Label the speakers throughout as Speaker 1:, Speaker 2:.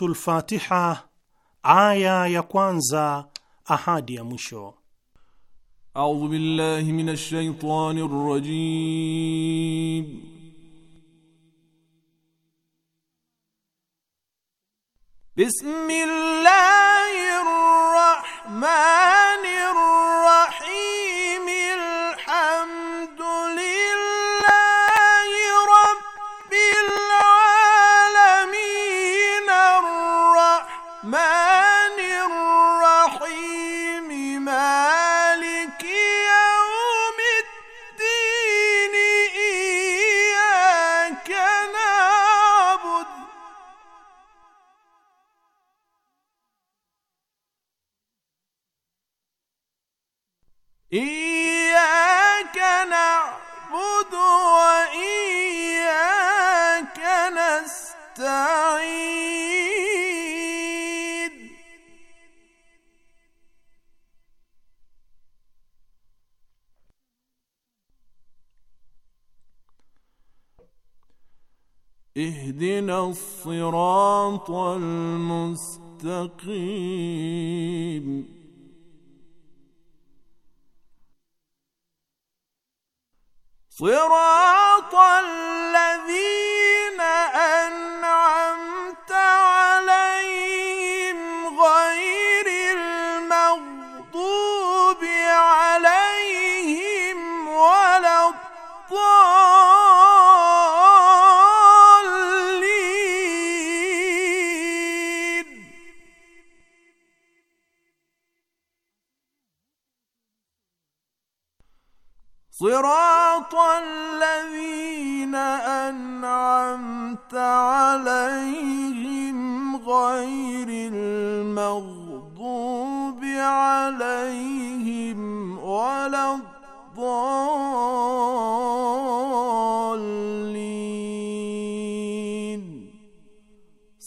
Speaker 1: Suratul Fatiha aya ya kwanza ahadi ya mwisho. A'udhu billahi minash shaitanir rajim.
Speaker 2: Bismillahir rahmanir الصراط المستقيم صراط الذين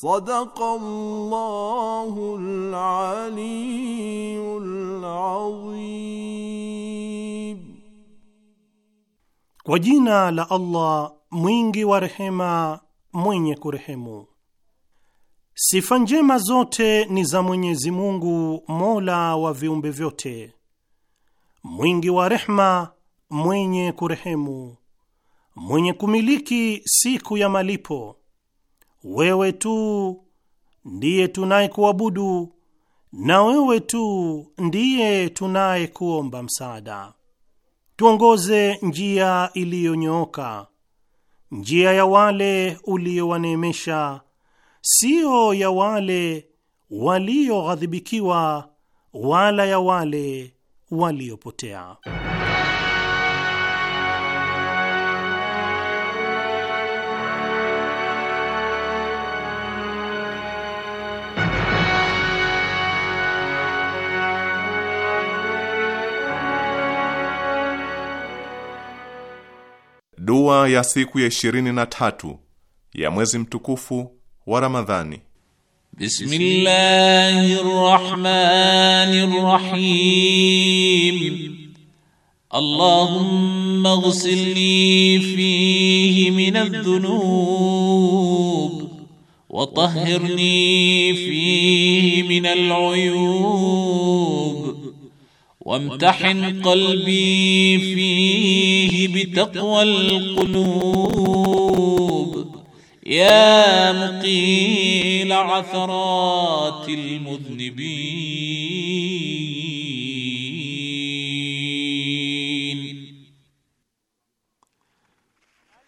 Speaker 2: Sadaqallahul Aliyyul Adhim.
Speaker 1: Kwa jina la Allah mwingi wa rehema mwenye kurehemu. Sifa njema zote ni za Mwenyezi Mungu, mola wa viumbe vyote, mwingi wa rehma, mwenye kurehemu, mwenye kumiliki siku ya malipo wewe tu ndiye tunayekuabudu na wewe tu ndiye tunayekuomba msaada. Tuongoze njia iliyonyooka, njia ya wale uliowaneemesha, siyo ya wale walioghadhibikiwa, wala ya wale waliopotea.
Speaker 3: Dua ya siku ya ishirini na tatu ya mwezi mtukufu wa Ramadhani.
Speaker 2: Bismillahirrahmanirrahim. Allahumma ighsilni fihi min adh-dhunub wa tahhirni fihi min al-uyub وامتحن قلبي فيه بتقوى القلوب يا مقيل عثرات المذنبين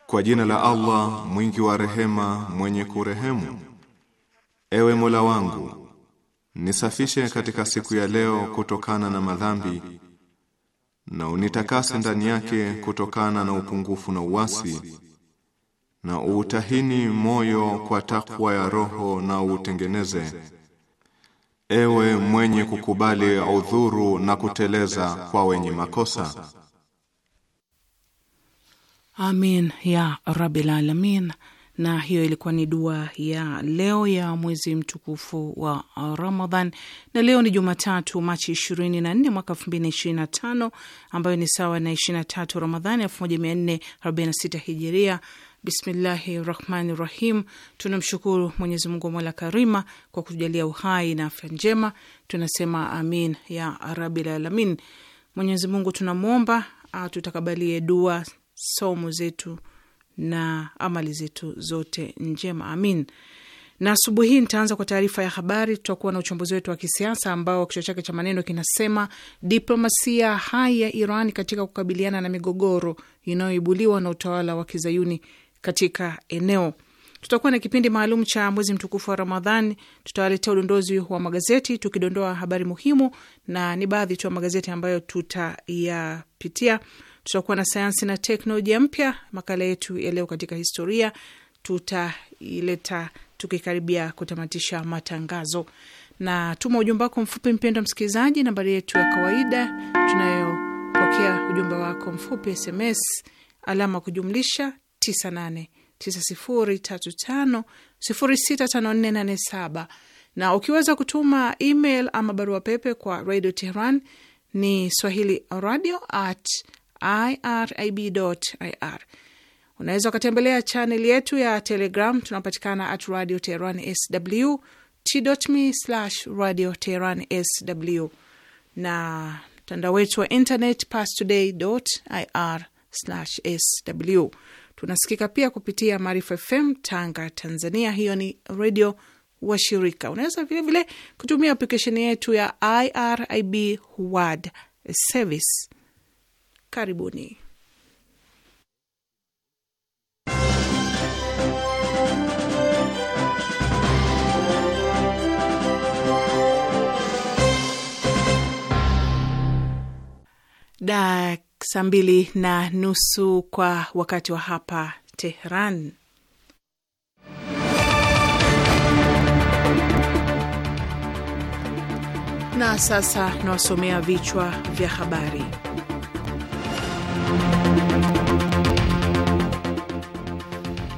Speaker 3: Kwa jina la Allah mwingi wa rehema mwenye kurehemu Ewe Mola wangu Nisafishe katika siku ya leo kutokana na madhambi na unitakase ndani yake kutokana na upungufu na uasi na utahini moyo kwa takwa ya roho na utengeneze ewe mwenye kukubali udhuru na kuteleza kwa wenye makosa.
Speaker 4: Amin ya Rabbil Alamin na hiyo ilikuwa ni dua ya leo ya mwezi mtukufu wa Ramadhan, na leo ni Jumatatu, Machi 24 mwaka 2025 ambayo ni sawa na 23 Ramadhani 1446 Hijiria. Bismillahi rahmani rahim. Tunamshukuru Mwenyezi Mungu mola karima kwa kutujalia uhai na afya njema, tunasema amin ya rabil alamin. Mwenyezi Mungu tunamwomba atutakabalie dua, somo zetu na amali zetu zote njema, amin. Na asubuhi hii nitaanza kwa taarifa ya habari. Tutakuwa na uchambuzi wetu wa kisiasa ambao kichwa chake cha maneno kinasema diplomasia hai ya Iran katika kukabiliana na migogoro inayoibuliwa na utawala wa kizayuni katika eneo. Tutakuwa na kipindi maalum cha mwezi mtukufu wa Ramadhani. Tutawaletea udondozi wa magazeti tukidondoa habari muhimu, na ni baadhi tu ya magazeti ambayo tutayapitia. Tutakuwa na sayansi na teknolojia mpya, makala yetu ya leo katika historia tutaileta tukikaribia kutamatisha matangazo, na tuma ujumbe wako mfupi, mpendwa msikilizaji, nambari yetu ya kawaida tunayopokea ujumbe wako mfupi SMS alama kujumlisha 989035065487 na ukiweza kutuma email ama barua pepe kwa Radio Tehran ni swahili radio at irib.ir. Unaweza ukatembelea chaneli yetu ya Telegram, tunapatikana at Radio Teheran sw t.me slash Radio Teheran sw na mtandao wetu wa internet pastoday.ir sw. Tunasikika pia kupitia Maarifa FM Tanga, Tanzania. Hiyo ni redio wa shirika. Unaweza vilevile kutumia aplikesheni yetu ya IRIB World Service. Karibuni. da saa mbili na nusu kwa wakati wa hapa Tehran. Na sasa nawasomea vichwa vya habari.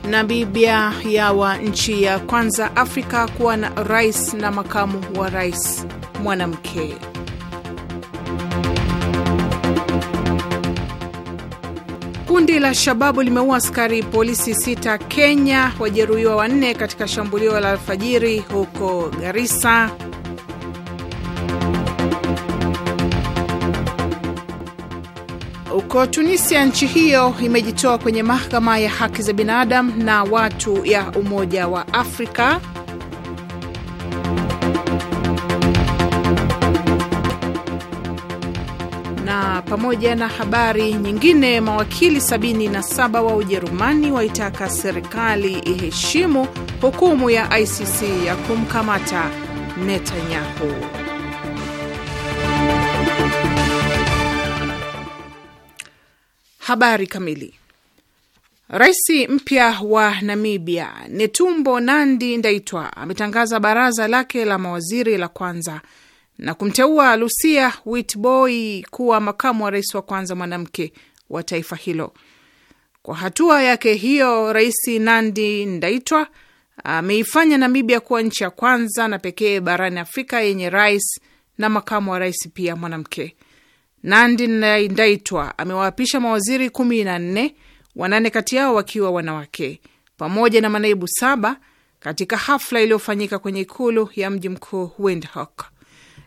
Speaker 4: Namibia yawa nchi ya kwanza Afrika kuwa na rais na makamu wa rais mwanamke. Kundi la Shababu limeua askari polisi sita Kenya, wajeruhiwa wanne katika shambulio la alfajiri huko Garissa. Huko Tunisia, nchi hiyo imejitoa kwenye mahakama ya haki za binadamu na watu ya Umoja wa Afrika. Na pamoja na habari nyingine, mawakili 77 wa Ujerumani waitaka serikali iheshimu hukumu ya ICC ya kumkamata Netanyahu. Habari kamili. Rais mpya wa Namibia Netumbo Nandi Ndaitwa ametangaza baraza lake la mawaziri la kwanza na kumteua Lusia Witboy kuwa makamu wa rais wa kwanza mwanamke wa taifa hilo. Kwa hatua yake hiyo, Rais Nandi Ndaitwa ameifanya Namibia kuwa nchi ya kwanza na pekee barani Afrika yenye rais na makamu wa rais pia mwanamke. Nandi Ndaitwa amewaapisha mawaziri kumi na nne, wanane kati yao wakiwa wanawake pamoja na manaibu saba katika hafla iliyofanyika kwenye ikulu ya mji mkuu Windhoek.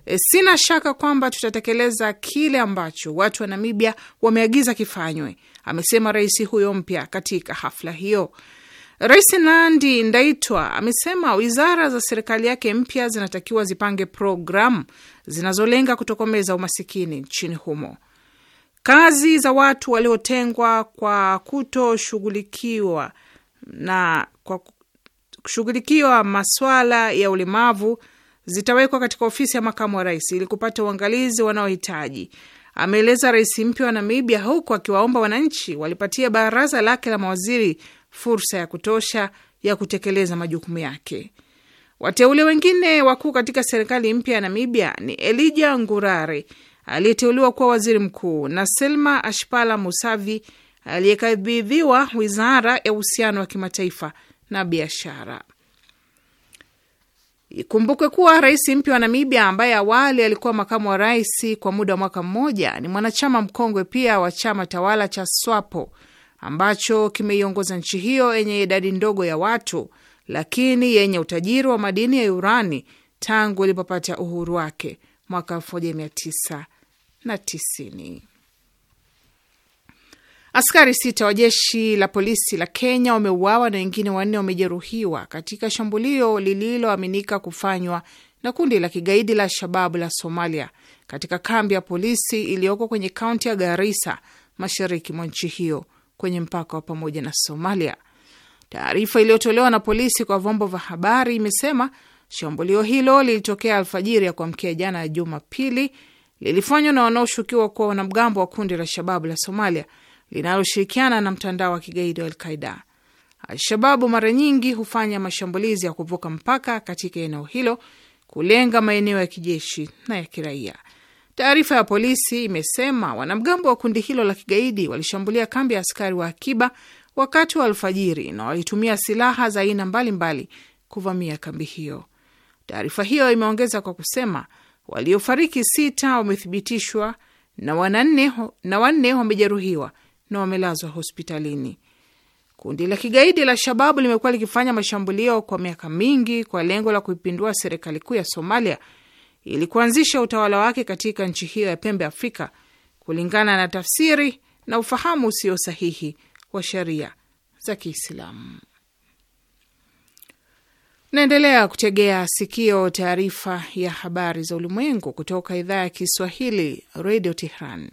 Speaker 4: E, sina shaka kwamba tutatekeleza kile ambacho watu wa Namibia wameagiza kifanywe, amesema rais huyo mpya katika hafla hiyo. Rais Nandi Ndaitwa amesema wizara za serikali yake mpya zinatakiwa zipange programu zinazolenga kutokomeza umasikini nchini humo. Kazi za watu waliotengwa kwa kutoshughulikiwa na kwa kushughulikiwa maswala ya ulemavu zitawekwa katika ofisi ya makamu wa rais ili kupata uangalizi wanaohitaji, ameeleza rais mpya wa Namibia, huku akiwaomba wananchi walipatia baraza lake la mawaziri fursa ya kutosha ya kutekeleza majukumu yake. Wateule wengine wakuu katika serikali mpya ya Namibia ni Elija Ngurare aliyeteuliwa kuwa waziri mkuu na Selma Ashpala Musavi aliyekabidhiwa wizara ya uhusiano wa kimataifa na biashara. Ikumbukwe kuwa rais mpya wa Namibia, ambaye awali alikuwa makamu wa rais kwa muda wa mwaka mmoja, ni mwanachama mkongwe pia wa chama tawala cha SWAPO ambacho kimeiongoza nchi hiyo yenye idadi ndogo ya watu lakini yenye utajiri wa madini ya urani tangu ilipopata uhuru wake mwaka 1990. Askari sita wa jeshi la polisi la Kenya wameuawa na wengine wanne wamejeruhiwa katika shambulio lililoaminika kufanywa na kundi la kigaidi la Shababu la Somalia katika kambi ya polisi iliyoko kwenye kaunti ya Garissa mashariki mwa nchi hiyo kwenye mpaka wa pamoja na Somalia. Taarifa iliyotolewa na polisi kwa vyombo vya habari imesema shambulio hilo lilitokea alfajiri ya kuamkia jana ya Jumapili, lilifanywa na wanaoshukiwa kuwa wanamgambo wa kundi la Shababu la Somalia linaloshirikiana na mtandao wa kigaidi wa Alqaida. Alshababu mara nyingi hufanya mashambulizi ya kuvuka mpaka katika eneo hilo kulenga maeneo ya kijeshi na ya kiraia. Taarifa ya polisi imesema wanamgambo wa kundi hilo la kigaidi walishambulia kambi ya askari wa akiba wakati wa alfajiri na walitumia silaha za aina mbalimbali kuvamia kambi hiyo. Taarifa hiyo imeongeza kwa kusema waliofariki sita wamethibitishwa na wanne na wanne wamejeruhiwa na wamelazwa hospitalini. Kundi la kigaidi la Shababu limekuwa likifanya mashambulio kwa miaka mingi kwa lengo la kuipindua serikali kuu ya Somalia ili kuanzisha utawala wake katika nchi hiyo ya pembe Afrika kulingana na tafsiri na ufahamu usio sahihi wa sheria za Kiislamu. Naendelea kutegea sikio taarifa ya habari za ulimwengu kutoka idhaa ya Kiswahili redio Tehran.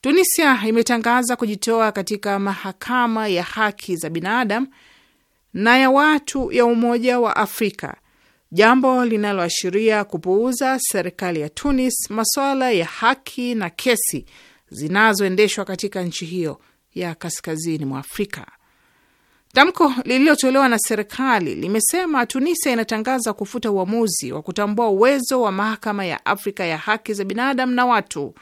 Speaker 4: Tunisia imetangaza kujitoa katika mahakama ya haki za binadamu na ya watu ya Umoja wa Afrika jambo linaloashiria kupuuza serikali ya Tunis masuala ya haki na kesi zinazoendeshwa katika nchi hiyo ya kaskazini mwa Afrika. Tamko lililotolewa na serikali limesema Tunisia inatangaza kufuta uamuzi wa kutambua uwezo wa mahakama ya Afrika ya haki za binadamu na watu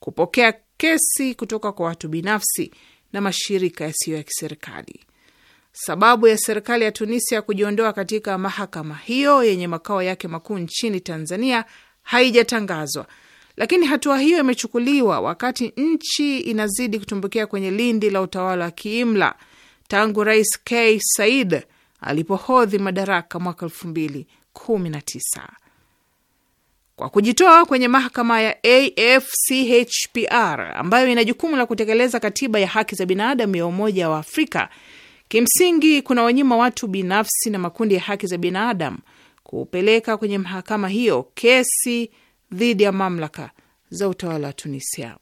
Speaker 4: kupokea kesi kutoka kwa watu binafsi na mashirika yasiyo ya kiserikali. Sababu ya serikali ya Tunisia kujiondoa katika mahakama hiyo yenye makao yake makuu nchini Tanzania haijatangazwa, lakini hatua hiyo imechukuliwa wakati nchi inazidi kutumbukia kwenye lindi la utawala wa kiimla tangu Rais K Said alipohodhi madaraka mwaka 2019 kwa kujitoa kwenye mahakama ya AFCHPR ambayo ina jukumu la kutekeleza katiba ya haki za binadamu ya Umoja wa Afrika Kimsingi kuna wanyima watu binafsi na makundi ya haki za binadamu kupeleka kwenye mahakama hiyo kesi dhidi ya mamlaka za utawala wa Tunisia.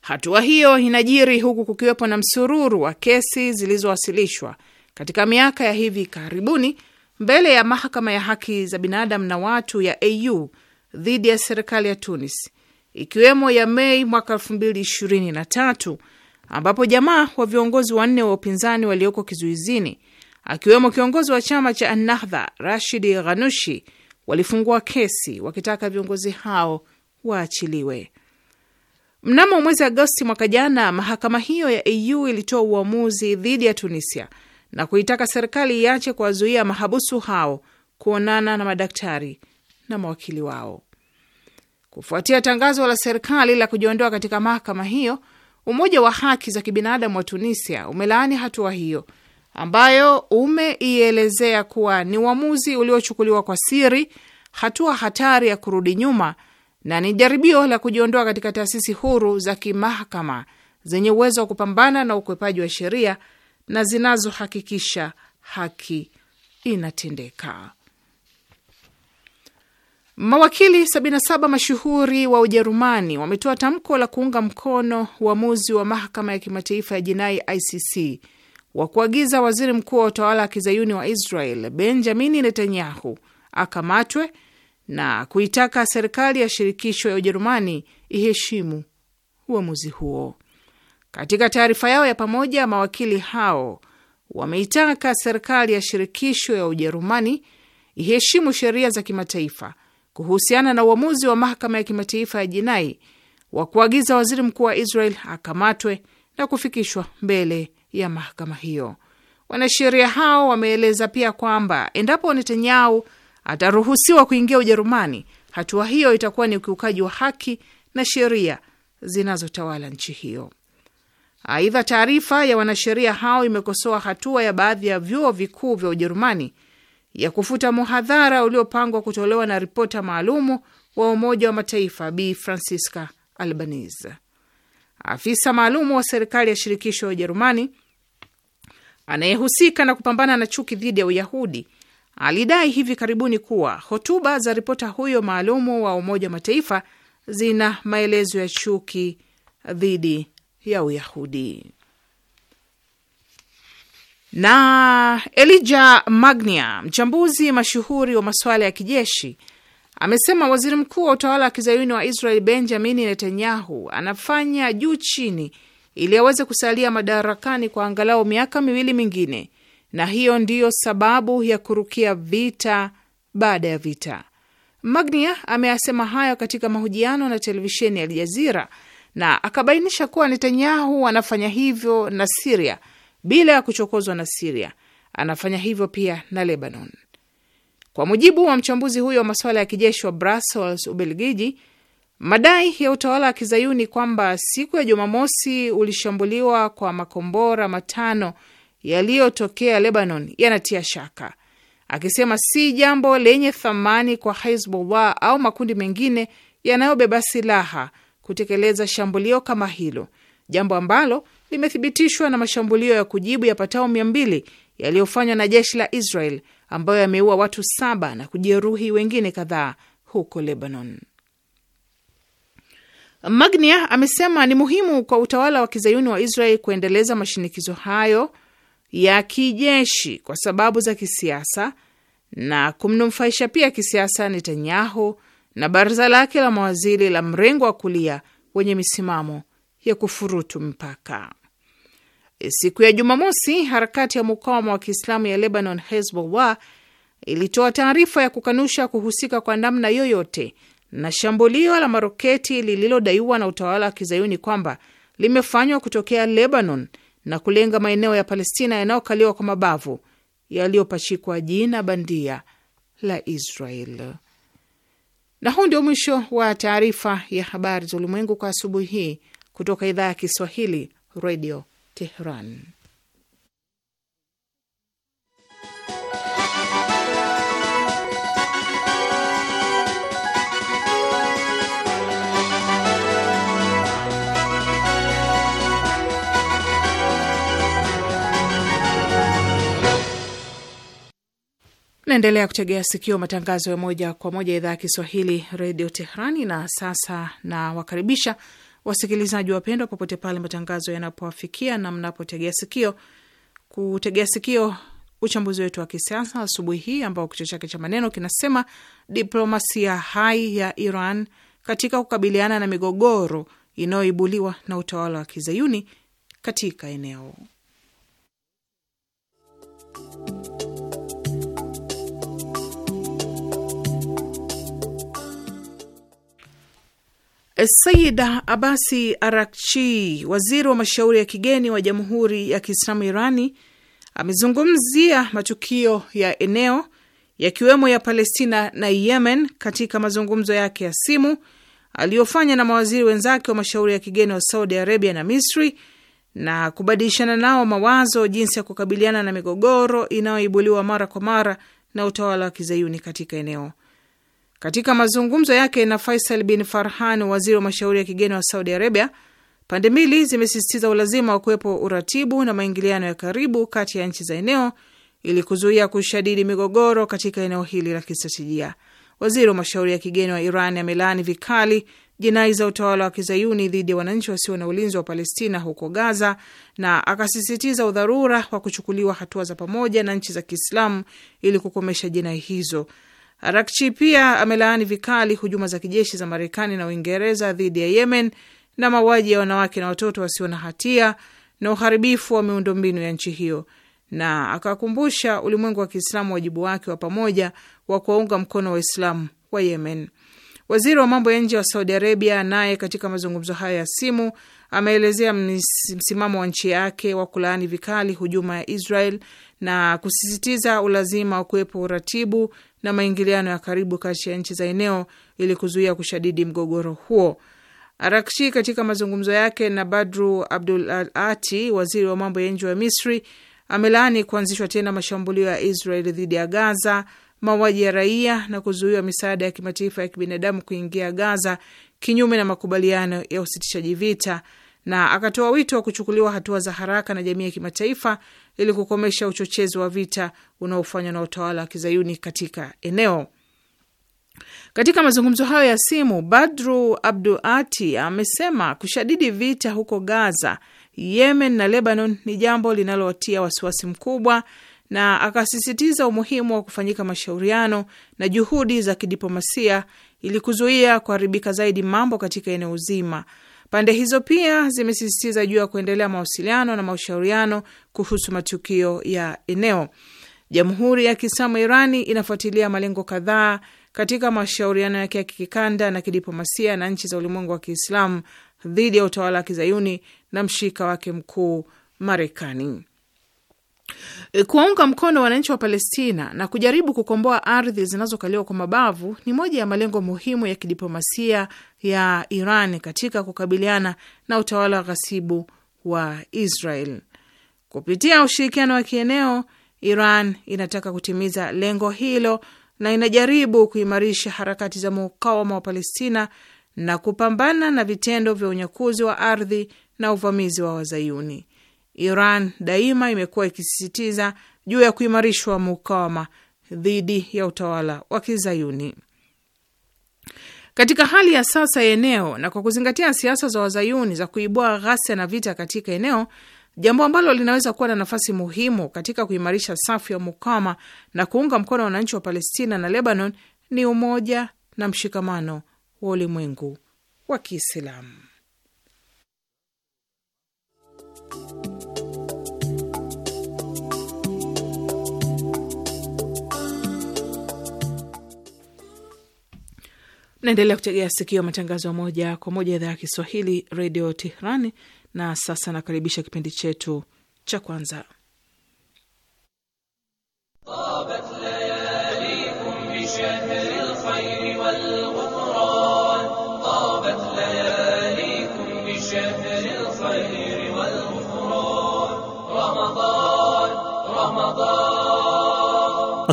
Speaker 4: Hatua hiyo inajiri huku kukiwepo na msururu wa kesi zilizowasilishwa katika miaka ya hivi karibuni mbele ya mahakama ya haki za binadamu na watu ya AU dhidi ya serikali ya Tunis, ikiwemo ya Mei mwaka 2023 ambapo jamaa wa viongozi wanne wa upinzani walioko kizuizini akiwemo kiongozi wa chama cha Annahdha Rashidi Ghanushi walifungua kesi wakitaka viongozi hao waachiliwe. Mnamo mwezi Agosti mwaka jana, mahakama hiyo ya EU ilitoa uamuzi dhidi ya Tunisia na kuitaka serikali iache kuwazuia mahabusu hao kuonana na madaktari na mawakili wao. Kufuatia tangazo la serikali la kujiondoa katika mahakama hiyo, Umoja wa haki za kibinadamu wa Tunisia umelaani hatua hiyo ambayo umeielezea kuwa ni uamuzi uliochukuliwa kwa siri, hatua hatari ya kurudi nyuma na ni jaribio la kujiondoa katika taasisi huru za kimahakama zenye uwezo wa kupambana na ukwepaji wa sheria na zinazohakikisha haki inatendeka. Mawakili 77 mashuhuri wa Ujerumani wametoa tamko la kuunga mkono uamuzi wa mahakama ya kimataifa ya jinai ICC wa kuagiza waziri mkuu wa utawala wa kizayuni wa Israel Benjamini Netanyahu akamatwe na kuitaka serikali ya shirikisho ya Ujerumani iheshimu uamuzi huo. Katika taarifa yao ya pamoja, mawakili hao wameitaka serikali ya shirikisho ya Ujerumani iheshimu sheria za kimataifa kuhusiana na uamuzi wa mahakama ya kimataifa ya jinai wa kuagiza waziri mkuu wa Israel akamatwe na kufikishwa mbele ya mahakama hiyo. Wanasheria hao wameeleza pia kwamba endapo Netanyahu ataruhusiwa kuingia Ujerumani, hatua hiyo itakuwa ni ukiukaji wa haki na sheria zinazotawala nchi hiyo. Aidha, taarifa ya wanasheria hao imekosoa hatua ya baadhi ya vyuo vikuu vya Ujerumani ya kufuta muhadhara uliopangwa kutolewa na ripota maalumu wa Umoja wa Mataifa Bi Francisca Albanese. Afisa maalumu wa serikali ya shirikisho ya Ujerumani anayehusika na kupambana na chuki dhidi ya Uyahudi alidai hivi karibuni kuwa hotuba za ripota huyo maalumu wa Umoja wa Mataifa zina maelezo ya chuki dhidi ya Uyahudi. Na Elija Magnia, mchambuzi mashuhuri wa masuala ya kijeshi, amesema waziri mkuu wa utawala wa kizayuni wa Israel Benjamini Netanyahu anafanya juu chini ili aweze kusalia madarakani kwa angalau miaka miwili mingine, na hiyo ndiyo sababu ya kurukia vita baada ya vita. Magnia ameyasema hayo katika mahojiano na televisheni ya Aljazira na akabainisha kuwa Netanyahu anafanya hivyo na Siria bila ya kuchokozwa na Siria, anafanya hivyo pia na Lebanon. Kwa mujibu wa mchambuzi huyo wa masuala ya kijeshi wa Brussels, Ubelgiji, madai ya utawala wa kizayuni kwamba siku ya Jumamosi ulishambuliwa kwa makombora matano yaliyotokea Lebanon yanatia shaka, akisema si jambo lenye thamani kwa Hezbollah au makundi mengine yanayobeba silaha kutekeleza shambulio kama hilo, jambo ambalo limethibitishwa na mashambulio ya kujibu yapatao mia mbili yaliyofanywa na jeshi la Israel ambayo yameua watu saba na kujeruhi wengine kadhaa huko Lebanon. Magnia amesema ni muhimu kwa utawala wa kizayuni wa Israel kuendeleza mashinikizo hayo ya kijeshi kwa sababu za kisiasa na kumnufaisha pia kisiasa Netanyahu na baraza lake la mawaziri la mrengo wa kulia wenye misimamo ya kufurutu mpaka. Siku ya Jumamosi, harakati ya mukawama wa Kiislamu ya Lebanon, Hezbollah, ilitoa taarifa ya kukanusha kuhusika kwa namna yoyote na shambulio la maroketi lililodaiwa na utawala wa kizayuni kwamba limefanywa kutokea Lebanon na kulenga maeneo ya Palestina yanayokaliwa kwa mabavu yaliyopachikwa jina bandia la Israel. Na huu ndio mwisho wa taarifa ya habari za ulimwengu kwa asubuhi hii kutoka idhaa ya Kiswahili, Radio Tehran. Naendelea kutegea sikio matangazo ya moja kwa moja idhaa ya Kiswahili redio Tehrani. Na sasa nawakaribisha Wasikilizaji wapendwa, popote pale matangazo yanapowafikia na mnapotegea sikio, kutegea sikio uchambuzi wetu wa kisiasa asubuhi hii ambao kichwa chake cha maneno kinasema diplomasia hai ya Iran katika kukabiliana na migogoro inayoibuliwa na utawala wa kizayuni katika eneo. Eh, Saida Abasi Arakchi, waziri wa mashauri ya kigeni wa Jamhuri ya Kiislamu Irani, amezungumzia matukio ya eneo yakiwemo ya Palestina na Yemen katika mazungumzo yake ya simu aliyofanya na mawaziri wenzake wa mashauri ya kigeni wa Saudi Arabia na Misri na kubadilishana nao mawazo jinsi ya kukabiliana na migogoro inayoibuliwa mara kwa mara na utawala wa kizayuni katika eneo. Katika mazungumzo yake na Faisal bin Farhan, waziri wa mashauri ya kigeni wa Saudi Arabia, pande mbili zimesisitiza ulazima wa kuwepo uratibu na maingiliano ya karibu kati ya nchi za eneo ili kuzuia kushadidi migogoro katika eneo hili la kistratejia. Waziri wa mashauri ya kigeni wa Iran amelaani vikali jinai za utawala wa kizayuni dhidi ya wananchi wasio na ulinzi wa Palestina huko Gaza na akasisitiza udharura wa kuchukuliwa hatua za pamoja na nchi za Kiislamu ili kukomesha jinai hizo Arakchi pia amelaani vikali hujuma za kijeshi za Marekani na Uingereza dhidi ya Yemen na mauaji ya wanawake na watoto wasio na hatia na uharibifu wa miundombinu ya nchi hiyo, na akakumbusha ulimwengu wa Kiislamu wajibu wake wa pamoja wa kuwaunga mkono Waislamu wa Yemen. Waziri wa mambo ya nje wa Saudi Arabia naye katika mazungumzo hayo ya simu ameelezea msimamo wa nchi yake wa kulaani vikali hujuma ya Israel na kusisitiza ulazima wa kuwepo uratibu na maingiliano ya karibu kati ya nchi za eneo ili kuzuia kushadidi mgogoro huo. Arakshi katika mazungumzo yake na Badru Abdul Ati, waziri wa mambo ya nje wa Misri, amelaani kuanzishwa tena mashambulio ya Israel dhidi ya Gaza, mauaji ya raia na kuzuiwa misaada ya kimataifa ya kibinadamu kuingia Gaza, kinyume na makubaliano ya usitishaji vita na akatoa wito wa kuchukuliwa hatua za haraka na jamii ya kimataifa ili kukomesha uchochezi wa vita unaofanywa na utawala wa kizayuni katika eneo. Katika mazungumzo hayo ya simu, Badru Abduati amesema kushadidi vita huko Gaza, Yemen na Lebanon ni jambo linalotia wasiwasi mkubwa, na akasisitiza umuhimu wa kufanyika mashauriano na juhudi za kidiplomasia ili kuzuia kuharibika zaidi mambo katika eneo zima Pande hizo pia zimesisitiza juu ya kuendelea mawasiliano na mashauriano kuhusu matukio ya eneo. Jamhuri ya Kiislamu Irani inafuatilia malengo kadhaa katika mashauriano yake ya kikanda na kidiplomasia na nchi za ulimwengu wa Kiislamu dhidi ya utawala wa kizayuni na mshirika wake mkuu Marekani. Kuwaunga mkono wananchi wa Palestina na kujaribu kukomboa ardhi zinazokaliwa kwa mabavu ni moja ya malengo muhimu ya kidiplomasia ya Iran katika kukabiliana na utawala wa ghasibu wa Israel. Kupitia ushirikiano wa kieneo, Iran inataka kutimiza lengo hilo na inajaribu kuimarisha harakati za mukawama wa Palestina na kupambana na vitendo vya unyakuzi wa ardhi na uvamizi wa Wazayuni. Iran daima imekuwa ikisisitiza juu ya kuimarishwa mukawama dhidi ya utawala wa Kizayuni. Katika hali ya sasa ya eneo na kwa kuzingatia siasa za wazayuni za kuibua ghasia na vita katika eneo, jambo ambalo linaweza kuwa na nafasi muhimu katika kuimarisha safu ya mukawama na kuunga mkono wananchi wa Palestina na Lebanon ni umoja na mshikamano wa ulimwengu wa Kiislamu. Naendelea kutegea sikio matangazo ya moja kwa moja idhaa ya Kiswahili redio Tehrani. Na sasa nakaribisha kipindi chetu cha kwanza.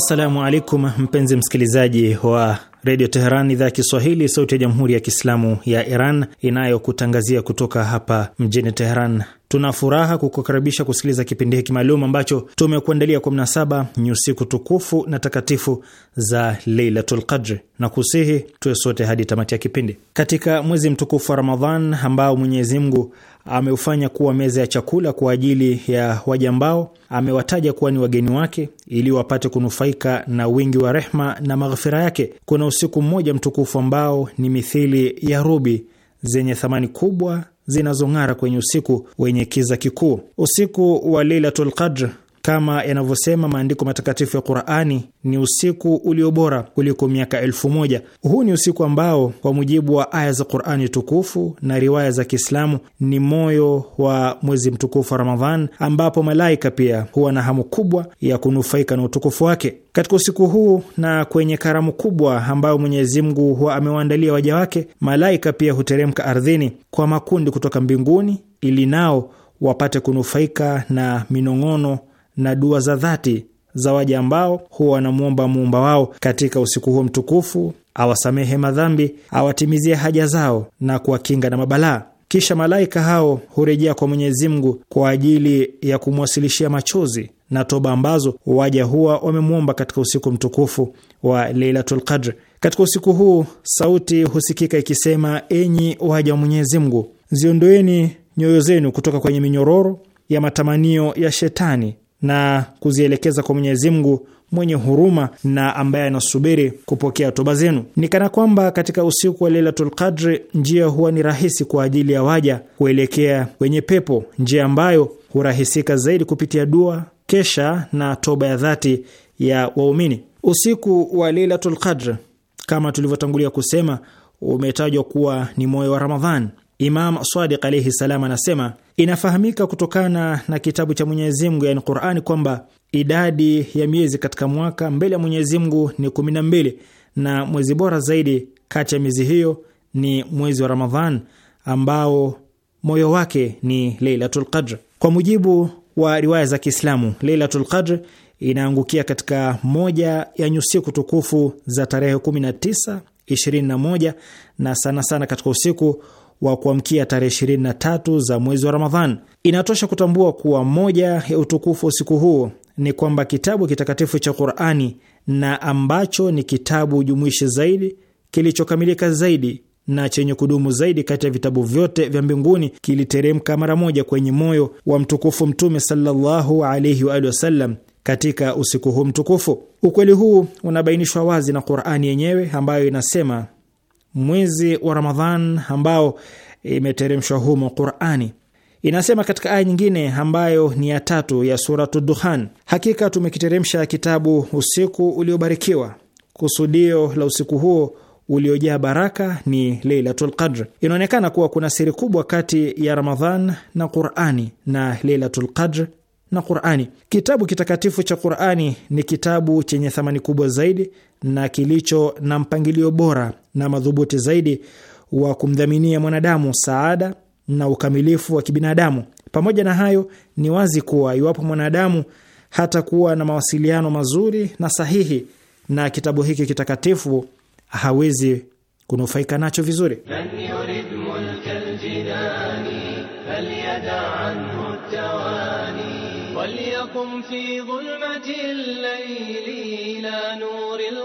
Speaker 5: Assalamu alaikum mpenzi msikilizaji wa Redio Teheran, idhaa ya Kiswahili, sauti ya jamhuri ya kiislamu ya Iran, inayokutangazia kutoka hapa mjini Teheran. Tuna furaha kukukaribisha kusikiliza kipindi hiki maalum ambacho tumekuandalia kwa mnasaba ni usiku tukufu na takatifu za Lailatul Qadri, na kusihi tuwe sote hadi tamati ya kipindi katika mwezi mtukufu wa Ramadhan ambao Mwenyezi Mungu ameufanya kuwa meza ya chakula kwa ajili ya waja ambao amewataja kuwa ni wageni wake, ili wapate kunufaika na wingi wa rehma na maghfira yake. Kuna usiku mmoja mtukufu ambao ni mithili ya rubi zenye thamani kubwa zinazong'ara kwenye usiku wenye kiza kikuu. Usiku wa Lailatul Qadr kama yanavyosema maandiko matakatifu ya Qur'ani ni usiku uliobora kuliko miaka elfu moja. Huu ni usiku ambao kwa mujibu wa aya za Qur'ani tukufu na riwaya za Kiislamu ni moyo wa mwezi mtukufu wa Ramadhan, ambapo malaika pia huwa na hamu kubwa ya kunufaika na utukufu wake. Katika usiku huu na kwenye karamu kubwa ambayo Mwenyezi Mungu huwa amewaandalia waja wake, malaika pia huteremka ardhini kwa makundi kutoka mbinguni ili nao wapate kunufaika na minong'ono na dua za dhati za waja ambao huwa wanamwomba muumba wao katika usiku huo mtukufu awasamehe madhambi, awatimizie haja zao na kuwakinga na mabalaa. Kisha malaika hao hurejea kwa Mwenyezi Mungu kwa ajili ya kumwasilishia machozi na toba ambazo waja huwa wamemwomba katika usiku mtukufu wa Lailatul Qadr. Katika usiku huu sauti husikika ikisema, enyi waja wa Mwenyezi Mungu, ziondoeni nyoyo zenu kutoka kwenye minyororo ya matamanio ya shetani na kuzielekeza kwa Mwenyezi Mungu mwenye huruma na ambaye anasubiri kupokea toba zenu. Ni kana kwamba katika usiku wa Lailatul Qadri njia huwa ni rahisi kwa ajili ya waja kuelekea kwenye pepo, njia ambayo hurahisika zaidi kupitia dua, kesha na toba ya dhati ya waumini. Usiku wa Lailatul Qadr kama tulivyotangulia kusema umetajwa kuwa ni moyo wa Ramadhan. Imam Sadiq alaihi salam anasema Inafahamika kutokana na kitabu cha Mwenyezi Mungu, yani Qur'ani, kwamba idadi ya miezi katika mwaka mbele ya Mwenyezi Mungu ni 12 na mwezi bora zaidi kati ya miezi hiyo ni mwezi wa Ramadhan ambao moyo wake ni Lailatul Qadr. Kwa mujibu wa riwaya za Kiislamu, Lailatul Qadr inaangukia katika moja ya nyusiku tukufu za tarehe 19, 21 na sana sana katika usiku wa kuamkia tarehe 23 za mwezi wa Ramadhan. Inatosha kutambua kuwa moja ya utukufu wa usiku huo ni kwamba kitabu kitakatifu cha Qur'ani na ambacho ni kitabu jumuishi zaidi kilichokamilika zaidi na chenye kudumu zaidi kati ya vitabu vyote vya mbinguni kiliteremka mara moja kwenye moyo wa mtukufu Mtume sallallahu alaihi wa alihi wasallam katika usiku huu mtukufu. Ukweli huu unabainishwa wazi na Qur'ani yenyewe ambayo inasema mwezi wa Ramadhan ambao imeteremshwa humo Qurani. Inasema katika aya nyingine ambayo ni ya tatu ya Suratu Duhan, hakika tumekiteremsha kitabu usiku uliobarikiwa, kusudio la usiku huo uliojaa baraka ni Leilatul Qadr. Inaonekana kuwa kuna siri kubwa kati ya Ramadhan na Qurani na Leilatul Qadr na Qurani. Kitabu kitakatifu cha Qurani ni kitabu chenye thamani kubwa zaidi na kilicho na mpangilio bora na madhubuti zaidi wa kumdhaminia mwanadamu saada na ukamilifu wa kibinadamu. Pamoja na hayo, ni wazi kuwa iwapo mwanadamu hata kuwa na mawasiliano mazuri na sahihi na kitabu hiki kitakatifu, hawezi kunufaika nacho vizuri.
Speaker 1: هم fi dhulmatil layli ila nuril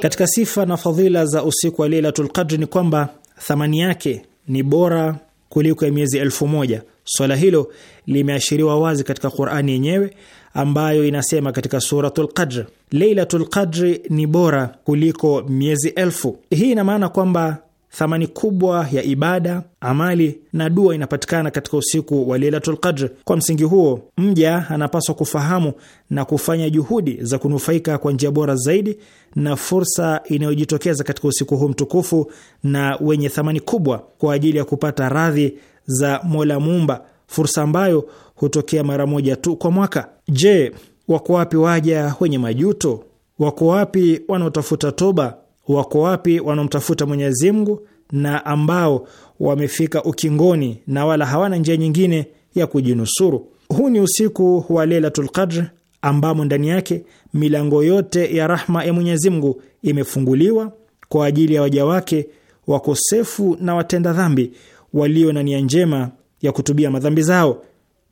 Speaker 2: Katika
Speaker 5: sifa na fadhila za usiku wa Lailatul Qadr ni kwamba thamani yake ni bora kuliko ya miezi elfu moja. Swala hilo limeashiriwa wazi katika Qur'ani yenyewe ambayo inasema katika Suratul Qadr, Lailatul Qadri ni bora kuliko miezi elfu. Hii ina maana kwamba Thamani kubwa ya ibada, amali na dua inapatikana katika usiku wa Lailatul Qadr. Kwa msingi huo, mja anapaswa kufahamu na kufanya juhudi za kunufaika kwa njia bora zaidi na fursa inayojitokeza katika usiku huu mtukufu na wenye thamani kubwa kwa ajili ya kupata radhi za Mola Muumba, fursa ambayo hutokea mara moja tu kwa mwaka. Je, wako wapi waja wenye majuto? Wako wapi wanaotafuta toba? wako wapi wanaomtafuta Mwenyezi Mungu na ambao wamefika ukingoni na wala hawana njia nyingine ya kujinusuru. Huu ni usiku wa Lailatul Qadr ambamo ndani yake milango yote ya rahma ya Mwenyezi Mungu imefunguliwa kwa ajili ya waja wake wakosefu na watenda dhambi walio na nia njema ya kutubia madhambi zao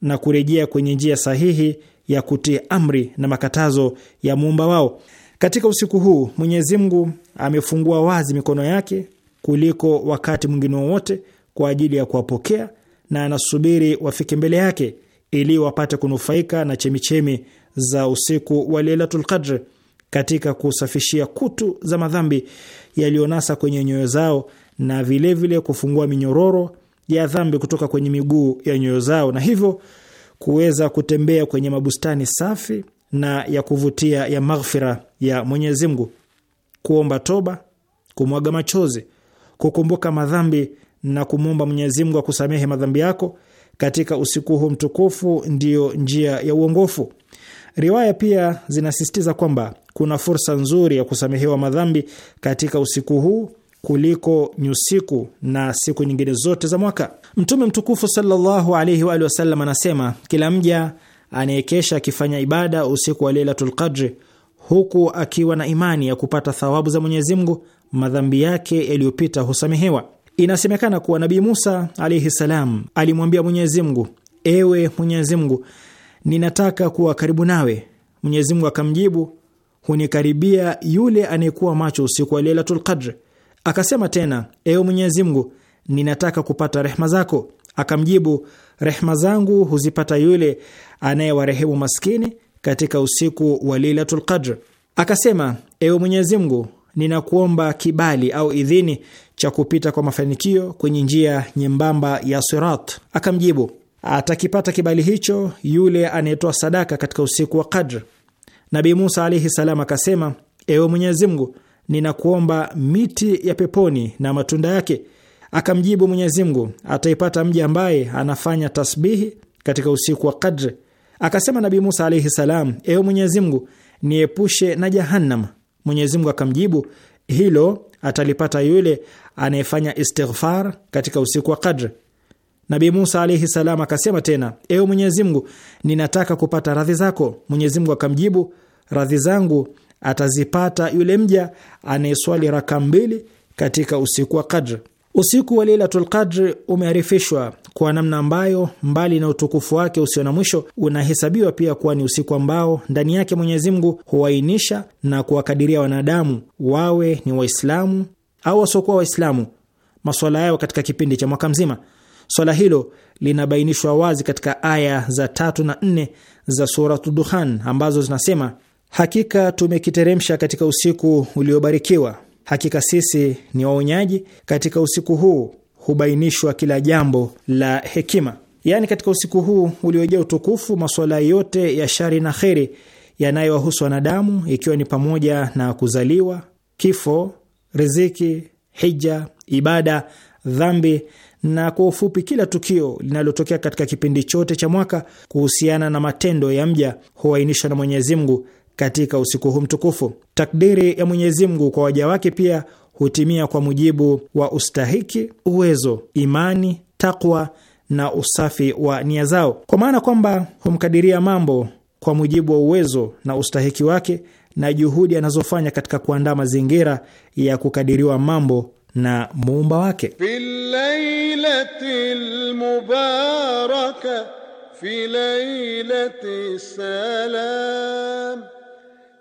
Speaker 5: na kurejea kwenye njia sahihi ya kutii amri na makatazo ya muumba wao. Katika usiku huu Mwenyezi Mungu amefungua wazi mikono yake kuliko wakati mwingine wowote kwa ajili ya kuwapokea na anasubiri wafike mbele yake ili wapate kunufaika na chemichemi za usiku wa Lailatul Qadr katika kusafishia kutu za madhambi yaliyonasa kwenye nyoyo zao na vilevile vile kufungua minyororo ya dhambi kutoka kwenye miguu ya nyoyo zao na hivyo kuweza kutembea kwenye mabustani safi na ya kuvutia ya maghfira ya Mwenyezi Mungu, kuomba toba, kumwaga machozi, kukumbuka madhambi na kumwomba Mwenyezi Mungu akusamehe madhambi yako katika usiku huu mtukufu ndiyo njia ya uongofu. Riwaya pia zinasisitiza kwamba kuna fursa nzuri ya kusamehewa madhambi katika usiku huu kuliko nyusiku na siku nyingine zote za mwaka. Mtume mtukufu sallallahu alaihi wa alihi wasallam anasema, kila mja anayekesha akifanya ibada usiku wa Lailatul Qadri huku akiwa na imani ya kupata thawabu za Mwenyezi Mungu, madhambi yake yaliyopita husamehewa. Inasemekana kuwa Nabii Musa alaihi salam alimwambia Mwenyezi Mungu, ewe Mwenyezi Mungu, ninataka kuwa karibu nawe. Mwenyezi Mungu akamjibu, hunikaribia yule anayekuwa macho usiku wa Lailatul Qadri. Akasema tena, ewe Mwenyezi Mungu, ninataka kupata rehma zako. Akamjibu, Rehma zangu huzipata yule anayewarehemu maskini katika usiku wa Lailatul Qadr. Akasema, ewe Mwenyezi Mungu, ninakuomba kibali au idhini cha kupita kwa mafanikio kwenye njia nyembamba ya sirat. Akamjibu, atakipata kibali hicho yule anayetoa sadaka katika usiku wa Qadr. Nabii Musa alaihi salam akasema, ewe Mwenyezi Mungu, ninakuomba miti ya peponi na matunda yake Akamjibu Mwenyezi Mungu, ataipata mji ambaye anafanya tasbihi katika usiku wa kadri. Akasema Nabii Musa alaihi salam, ewe Mwenyezi Mungu, niepushe na Jahannam. Mwenyezi Mungu akamjibu, hilo atalipata yule anayefanya istighfar katika usiku wa kadri. Nabii Musa alaihi salam akasema tena, ewe Mwenyezi Mungu, ninataka kupata radhi zako. Mwenyezi Mungu akamjibu, radhi zangu atazipata yule mja anayeswali raka mbili katika usiku wa kadri. Usiku wa Lailatul Qadr umearifishwa kwa namna ambayo mbali na utukufu wake usio na mwisho unahesabiwa pia kuwa ni usiku ambao ndani yake Mwenyezi Mungu huainisha na kuwakadiria wanadamu wawe ni Waislamu au wasiokuwa Waislamu maswala yao katika kipindi cha mwaka mzima. Swala hilo linabainishwa wazi katika aya za tatu na nne za Suratu Duhan ambazo zinasema, hakika tumekiteremsha katika usiku uliobarikiwa Hakika sisi ni waonyaji, katika usiku huu hubainishwa kila jambo la hekima. Yaani, katika usiku huu uliojaa utukufu, masuala yote ya shari na kheri yanayowahusu wanadamu, ikiwa ni pamoja na kuzaliwa, kifo, riziki, hija, ibada, dhambi na kwa ufupi, kila tukio linalotokea katika kipindi chote cha mwaka kuhusiana na matendo ya mja huainishwa na Mwenyezi Mungu katika usiku huu mtukufu. Takdiri ya Mwenyezi Mungu kwa waja wake pia hutimia kwa mujibu wa ustahiki, uwezo, imani, takwa na usafi wa nia zao, kwa maana kwamba humkadiria mambo kwa mujibu wa uwezo na ustahiki wake na juhudi anazofanya katika kuandaa mazingira ya kukadiriwa mambo na muumba wake.
Speaker 2: fi salam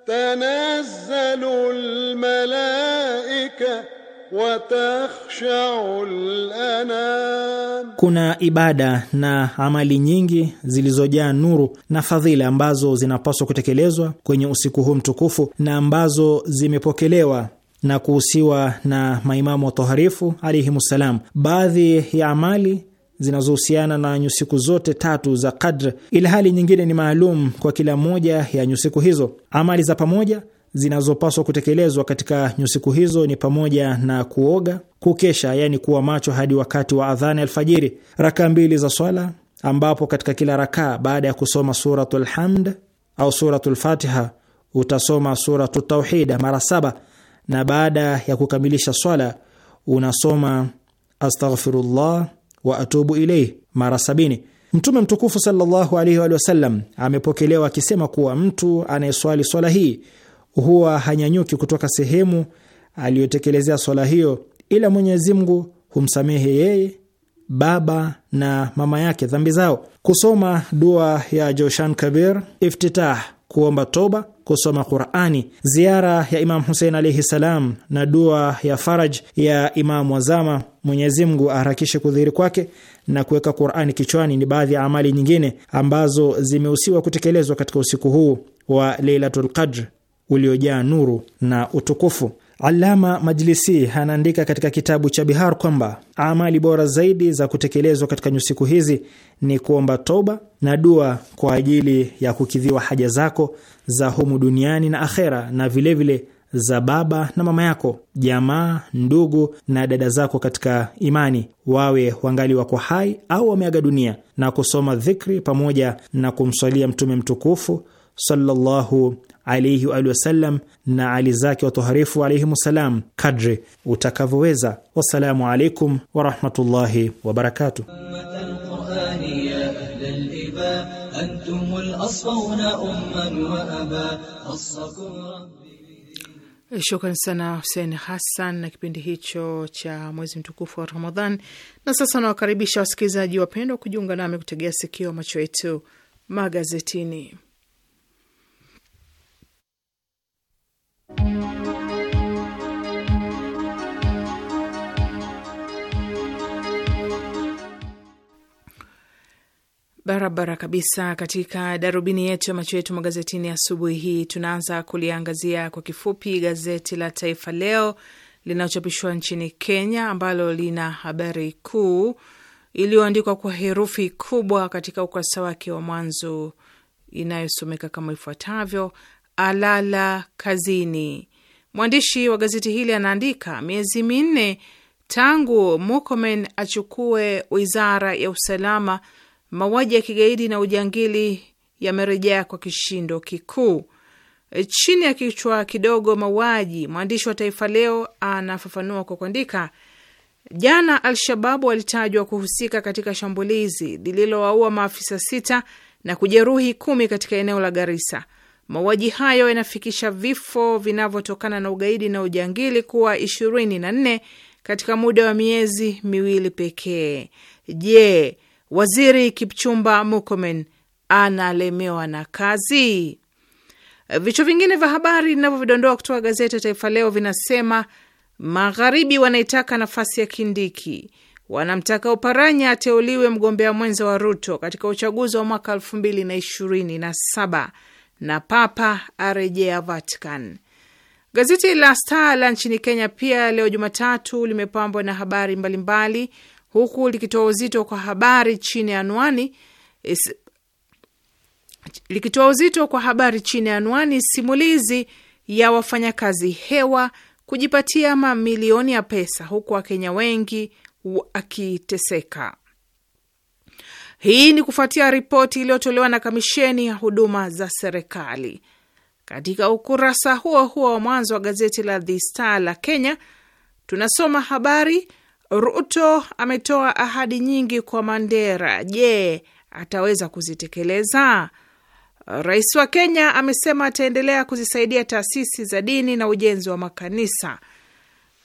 Speaker 2: تنزل الملائكة وتخشع الأنام.
Speaker 5: Kuna ibada na amali nyingi zilizojaa nuru na fadhila ambazo zinapaswa kutekelezwa kwenye usiku huu mtukufu na ambazo zimepokelewa na kuhusiwa na maimamu watoharifu alaihimussalam. Baadhi ya amali zinazohusiana na nyusiku zote tatu za Qadr, ila hali nyingine ni maalum kwa kila moja ya nyusiku hizo. Amali za pamoja zinazopaswa kutekelezwa katika nyusiku hizo ni pamoja na kuoga, kukesha, yani kuwa macho hadi wakati wa adhani alfajiri, rakaa mbili za swala, ambapo katika kila rakaa baada ya kusoma Suratul Hamd au Suratul Fatiha utasoma Suratu Tauhid mara saba, na baada ya kukamilisha swala unasoma astaghfirullah wa atubu ilaihi mara sabini. Mtume mtukufu sallallahu alaihi wa sallam amepokelewa akisema kuwa mtu anayeswali swala hii huwa hanyanyuki kutoka sehemu aliyotekelezea swala hiyo, ila Mwenyezi Mungu humsamehe yeye, baba na mama yake dhambi zao. Kusoma dua ya Joshan Kabir iftitah kuomba toba, kusoma Qurani, ziara ya Imam Husein alaihi salam na dua ya faraj ya Imam Wazama, Mwenyezi Mungu aharakishe kudhihiri kwake, na kuweka Qurani kichwani ni baadhi ya amali nyingine ambazo zimehusiwa kutekelezwa katika usiku huu wa Leilatul Qadr uliojaa nuru na utukufu. Alama Majlisi anaandika katika kitabu cha Bihar kwamba amali bora zaidi za kutekelezwa katika nyusiku hizi ni kuomba toba na dua kwa ajili ya kukidhiwa haja zako za humu duniani na akhera, na vilevile vile za baba na mama yako, jamaa, ndugu na dada zako katika imani, wawe wangali wako hai au wameaga dunia, na kusoma dhikri pamoja na kumswalia Mtume mtukufu sallallahu alaihi alihi wasallam na ali zake watoharifu alaihim ssalam kadri utakavyoweza. Wassalamu alaikum warahmatullahi wabarakatuh.
Speaker 4: Shukran sana Husein Hassan na kipindi hicho cha mwezi mtukufu wa Ramadhan. Na sasa nawakaribisha wasikilizaji wapendwa kujiunga nami kutegea sikio macho yetu magazetini. Barabara kabisa. Katika darubini yetu ya macho yetu magazetini asubuhi hii, tunaanza kuliangazia kwa kifupi gazeti la Taifa Leo linalochapishwa nchini Kenya, ambalo lina habari kuu iliyoandikwa kwa herufi kubwa katika ukurasa wake wa mwanzo inayosomeka kama ifuatavyo: alala kazini. Mwandishi wa gazeti hili anaandika, miezi minne tangu Mukomen achukue wizara ya usalama, mauaji ya kigaidi na ujangili yamerejea kwa kishindo kikuu. Chini ya kichwa kidogo mauaji, mwandishi wa Taifa Leo anafafanua kwa kuandika, jana Al-Shababu walitajwa kuhusika katika shambulizi lililowaua maafisa sita na kujeruhi kumi katika eneo la Garissa. Mauaji hayo yanafikisha vifo vinavyotokana na ugaidi na ujangili kuwa ishirini na nne katika muda wa miezi miwili pekee. Je, Waziri Kipchumba Mukomen analemewa na kazi? Vichwa vingine vya habari vinavyovidondoa kutoka gazeti ya Taifa Leo vinasema Magharibi wanaitaka nafasi ya Kindiki, wanamtaka Uparanya ateuliwe mgombea mwenza wa Ruto katika uchaguzi wa mwaka elfu mbili na ishirini na saba na papa arejea Vatican. Gazeti la Star la nchini Kenya pia leo Jumatatu limepambwa na habari mbalimbali mbali, huku likitoa uzito kwa habari chini ya anwani is, likitoa uzito kwa habari chini ya anwani simulizi ya wafanyakazi hewa kujipatia mamilioni ya pesa huku Wakenya wengi akiteseka. Hii ni kufuatia ripoti iliyotolewa na kamisheni ya huduma za serikali. Katika ukurasa huo huo wa mwanzo wa gazeti la The Star la Kenya tunasoma habari, Ruto ametoa ahadi nyingi kwa Mandera. Je, ataweza kuzitekeleza? Rais wa Kenya amesema ataendelea kuzisaidia taasisi za dini na ujenzi wa makanisa.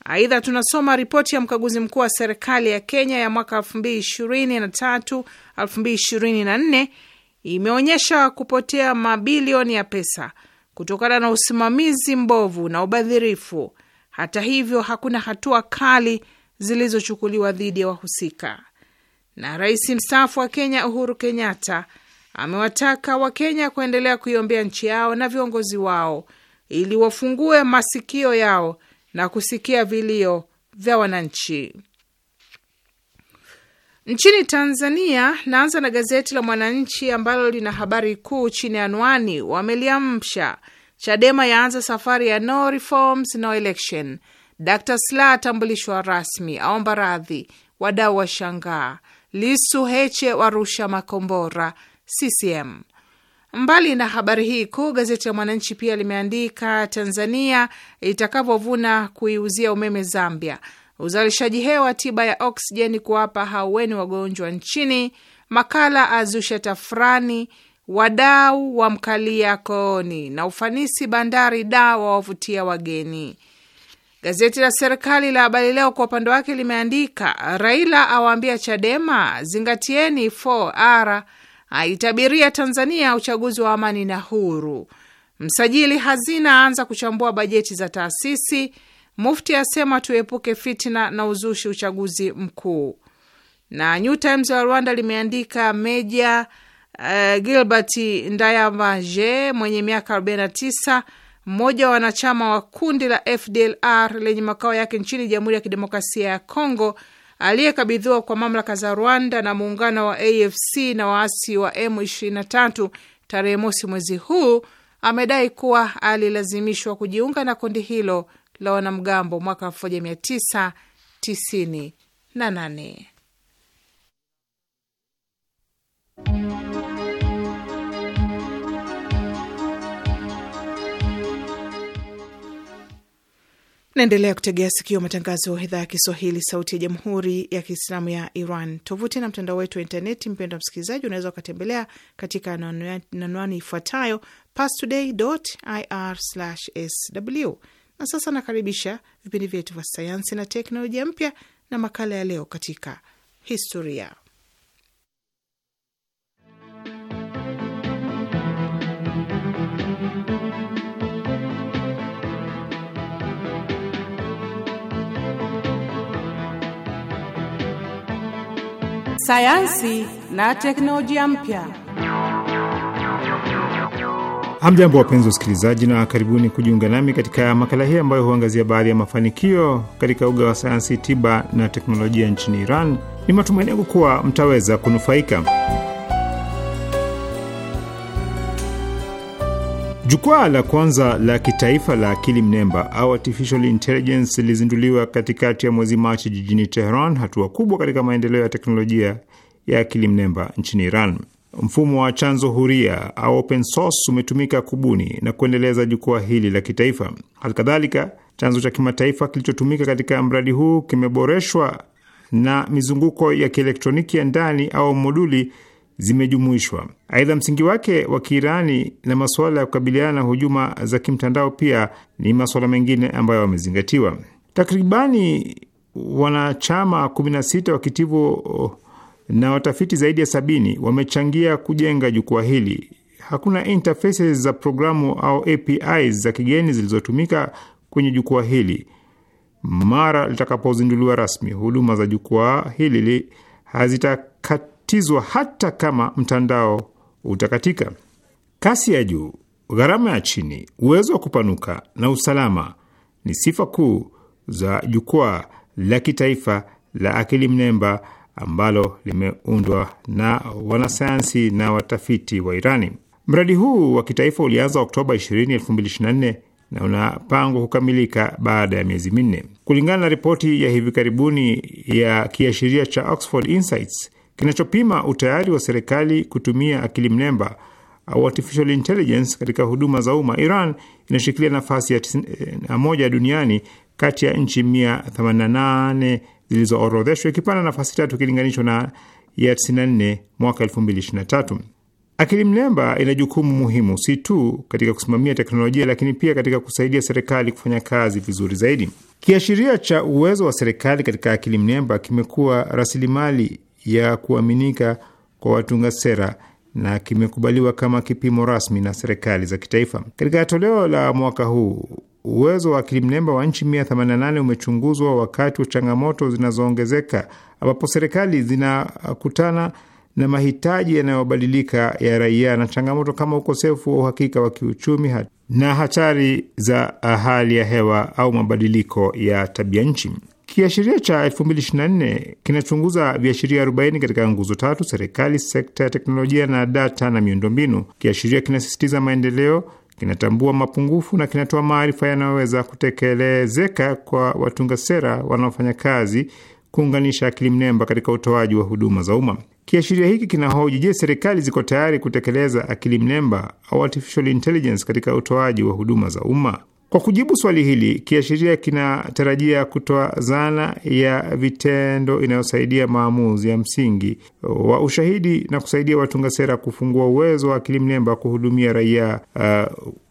Speaker 4: Aidha, tunasoma ripoti ya mkaguzi mkuu wa serikali ya Kenya ya mwaka 2023 2024 imeonyesha kupotea mabilioni ya pesa kutokana na usimamizi mbovu na ubadhirifu. Hata hivyo, hakuna hatua kali zilizochukuliwa dhidi ya wahusika. Na rais mstaafu wa Kenya Uhuru Kenyatta amewataka Wakenya kuendelea kuiombea nchi yao na viongozi wao ili wafungue masikio yao na kusikia vilio vya wananchi nchini Tanzania. Naanza na gazeti la Mwananchi ambalo lina habari kuu chini ya anwani wameliamsha Chadema yaanza safari ya no reforms no election. Dr Sla atambulishwa rasmi, aomba radhi, wadau washangaa. Lisu Heche warusha makombora CCM. Mbali na habari hii kuu, gazeti la Mwananchi pia limeandika Tanzania itakavyovuna kuiuzia umeme Zambia, uzalishaji hewa tiba ya oksijeni kuwapa haueni wagonjwa nchini, makala azusha tafrani, wadau wa mkalia kooni, na ufanisi bandari da wawavutia wageni. Gazeti la serikali la Habari Leo kwa upande wake limeandika Raila awaambia Chadema zingatieni 4R aitabiria Tanzania uchaguzi wa amani na huru. Msajili hazina aanza kuchambua bajeti za taasisi. Mufti asema tuepuke fitna na uzushi uchaguzi mkuu. Na New Times ya Rwanda limeandika Meja uh, Gilbert Ndayambaje mwenye miaka 49 mmoja wa wanachama wa kundi la FDLR lenye makao yake nchini Jamhuri ya Kidemokrasia ya Kongo aliyekabidhiwa kwa mamlaka za Rwanda na muungano wa AFC na waasi wa M23 tarehe mosi mwezi huu amedai kuwa alilazimishwa kujiunga na kundi hilo la wanamgambo mwaka 1998. Naendelea kutegea sikio matangazo ya idhaa ya Kiswahili, sauti ya jamhuri ya kiislamu ya Iran. Tovuti na mtandao wetu wa intaneti, wa msikilizaji, unaweza ukatembelea katika anwani ifuatayo pastoday.ir/sw. Na sasa nakaribisha vipindi vyetu vya sayansi na teknolojia mpya na makala ya leo katika historia sayansi na teknolojia mpya.
Speaker 3: Hamjambo, wapenzi wasikilizaji, na karibuni kujiunga nami katika makala hii ambayo huangazia baadhi ya mafanikio katika uga wa sayansi, tiba na teknolojia nchini Iran. Ni matumaini yangu kuwa mtaweza kunufaika. Jukwaa la kwanza la kitaifa la akili mnemba au artificial intelligence lilizinduliwa katikati ya mwezi Machi jijini Tehran, hatua kubwa katika maendeleo ya teknolojia ya akili mnemba nchini Iran. Mfumo wa chanzo huria au open source umetumika kubuni na kuendeleza jukwaa hili la kitaifa. Halikadhalika, chanzo cha kimataifa kilichotumika katika mradi huu kimeboreshwa na mizunguko ya kielektroniki ya ndani au moduli zimejumuishwa. Aidha, msingi wake wa Kiirani na masuala ya kukabiliana na hujuma za kimtandao pia ni masuala mengine ambayo wamezingatiwa. Takribani wanachama 16 wa kitivo oh, na watafiti zaidi ya sabini wamechangia kujenga jukwaa hili. Hakuna interfaces za programu au APIs za kigeni zilizotumika kwenye jukwaa hili. Mara litakapozinduliwa rasmi, huduma za jukwaa hili hazitakata kutatizwa hata kama mtandao utakatika. Kasi ya juu, gharama ya chini, uwezo wa kupanuka na usalama ni sifa kuu za jukwaa la kitaifa la akili mnemba ambalo limeundwa na wanasayansi na watafiti wa Irani. Mradi huu wa kitaifa ulianza Oktoba 20, 2024 na unapangwa kukamilika baada ya miezi minne, kulingana na ripoti ya hivi karibuni ya kiashiria cha Oxford Insights kinachopima utayari wa serikali kutumia akili mnemba au artificial intelligence katika huduma za umma. Iran inashikilia nafasi ya 91 eh, duniani kati ya nchi 188 zilizoorodheshwa, ikipanda nafasi tatu ikilinganishwa na ya 94 mwaka 2023. Akili mnemba ina jukumu muhimu si tu katika kusimamia teknolojia, lakini pia katika kusaidia serikali kufanya kazi vizuri zaidi. Kiashiria cha uwezo wa serikali katika akili mnemba kimekuwa rasilimali ya kuaminika kwa watunga sera na kimekubaliwa kama kipimo rasmi na serikali za kitaifa. Katika toleo la mwaka huu, uwezo wa akili mnemba wa nchi 188 umechunguzwa wakati wa changamoto zinazoongezeka, ambapo serikali zinakutana na mahitaji yanayobadilika ya raia na changamoto kama ukosefu wa uhakika wa kiuchumi na hatari za hali ya hewa au mabadiliko ya tabia nchi. Kiashiria cha 2024 kinachunguza viashiria 40 katika nguzo tatu: serikali, sekta ya teknolojia na data na miundombinu. Kiashiria kinasisitiza maendeleo, kinatambua mapungufu na kinatoa maarifa yanayoweza kutekelezeka kwa watunga sera wanaofanya kazi kuunganisha akili mnemba katika utoaji wa huduma za umma. Kiashiria hiki kinahoji: je, serikali ziko tayari kutekeleza akili mnemba au artificial intelligence katika utoaji wa huduma za umma? Kwa kujibu swali hili, kiashiria kinatarajia kutoa zana ya vitendo inayosaidia maamuzi ya msingi wa ushahidi na kusaidia watunga sera kufungua uwezo wa akili mnemba kuhudumia raia uh,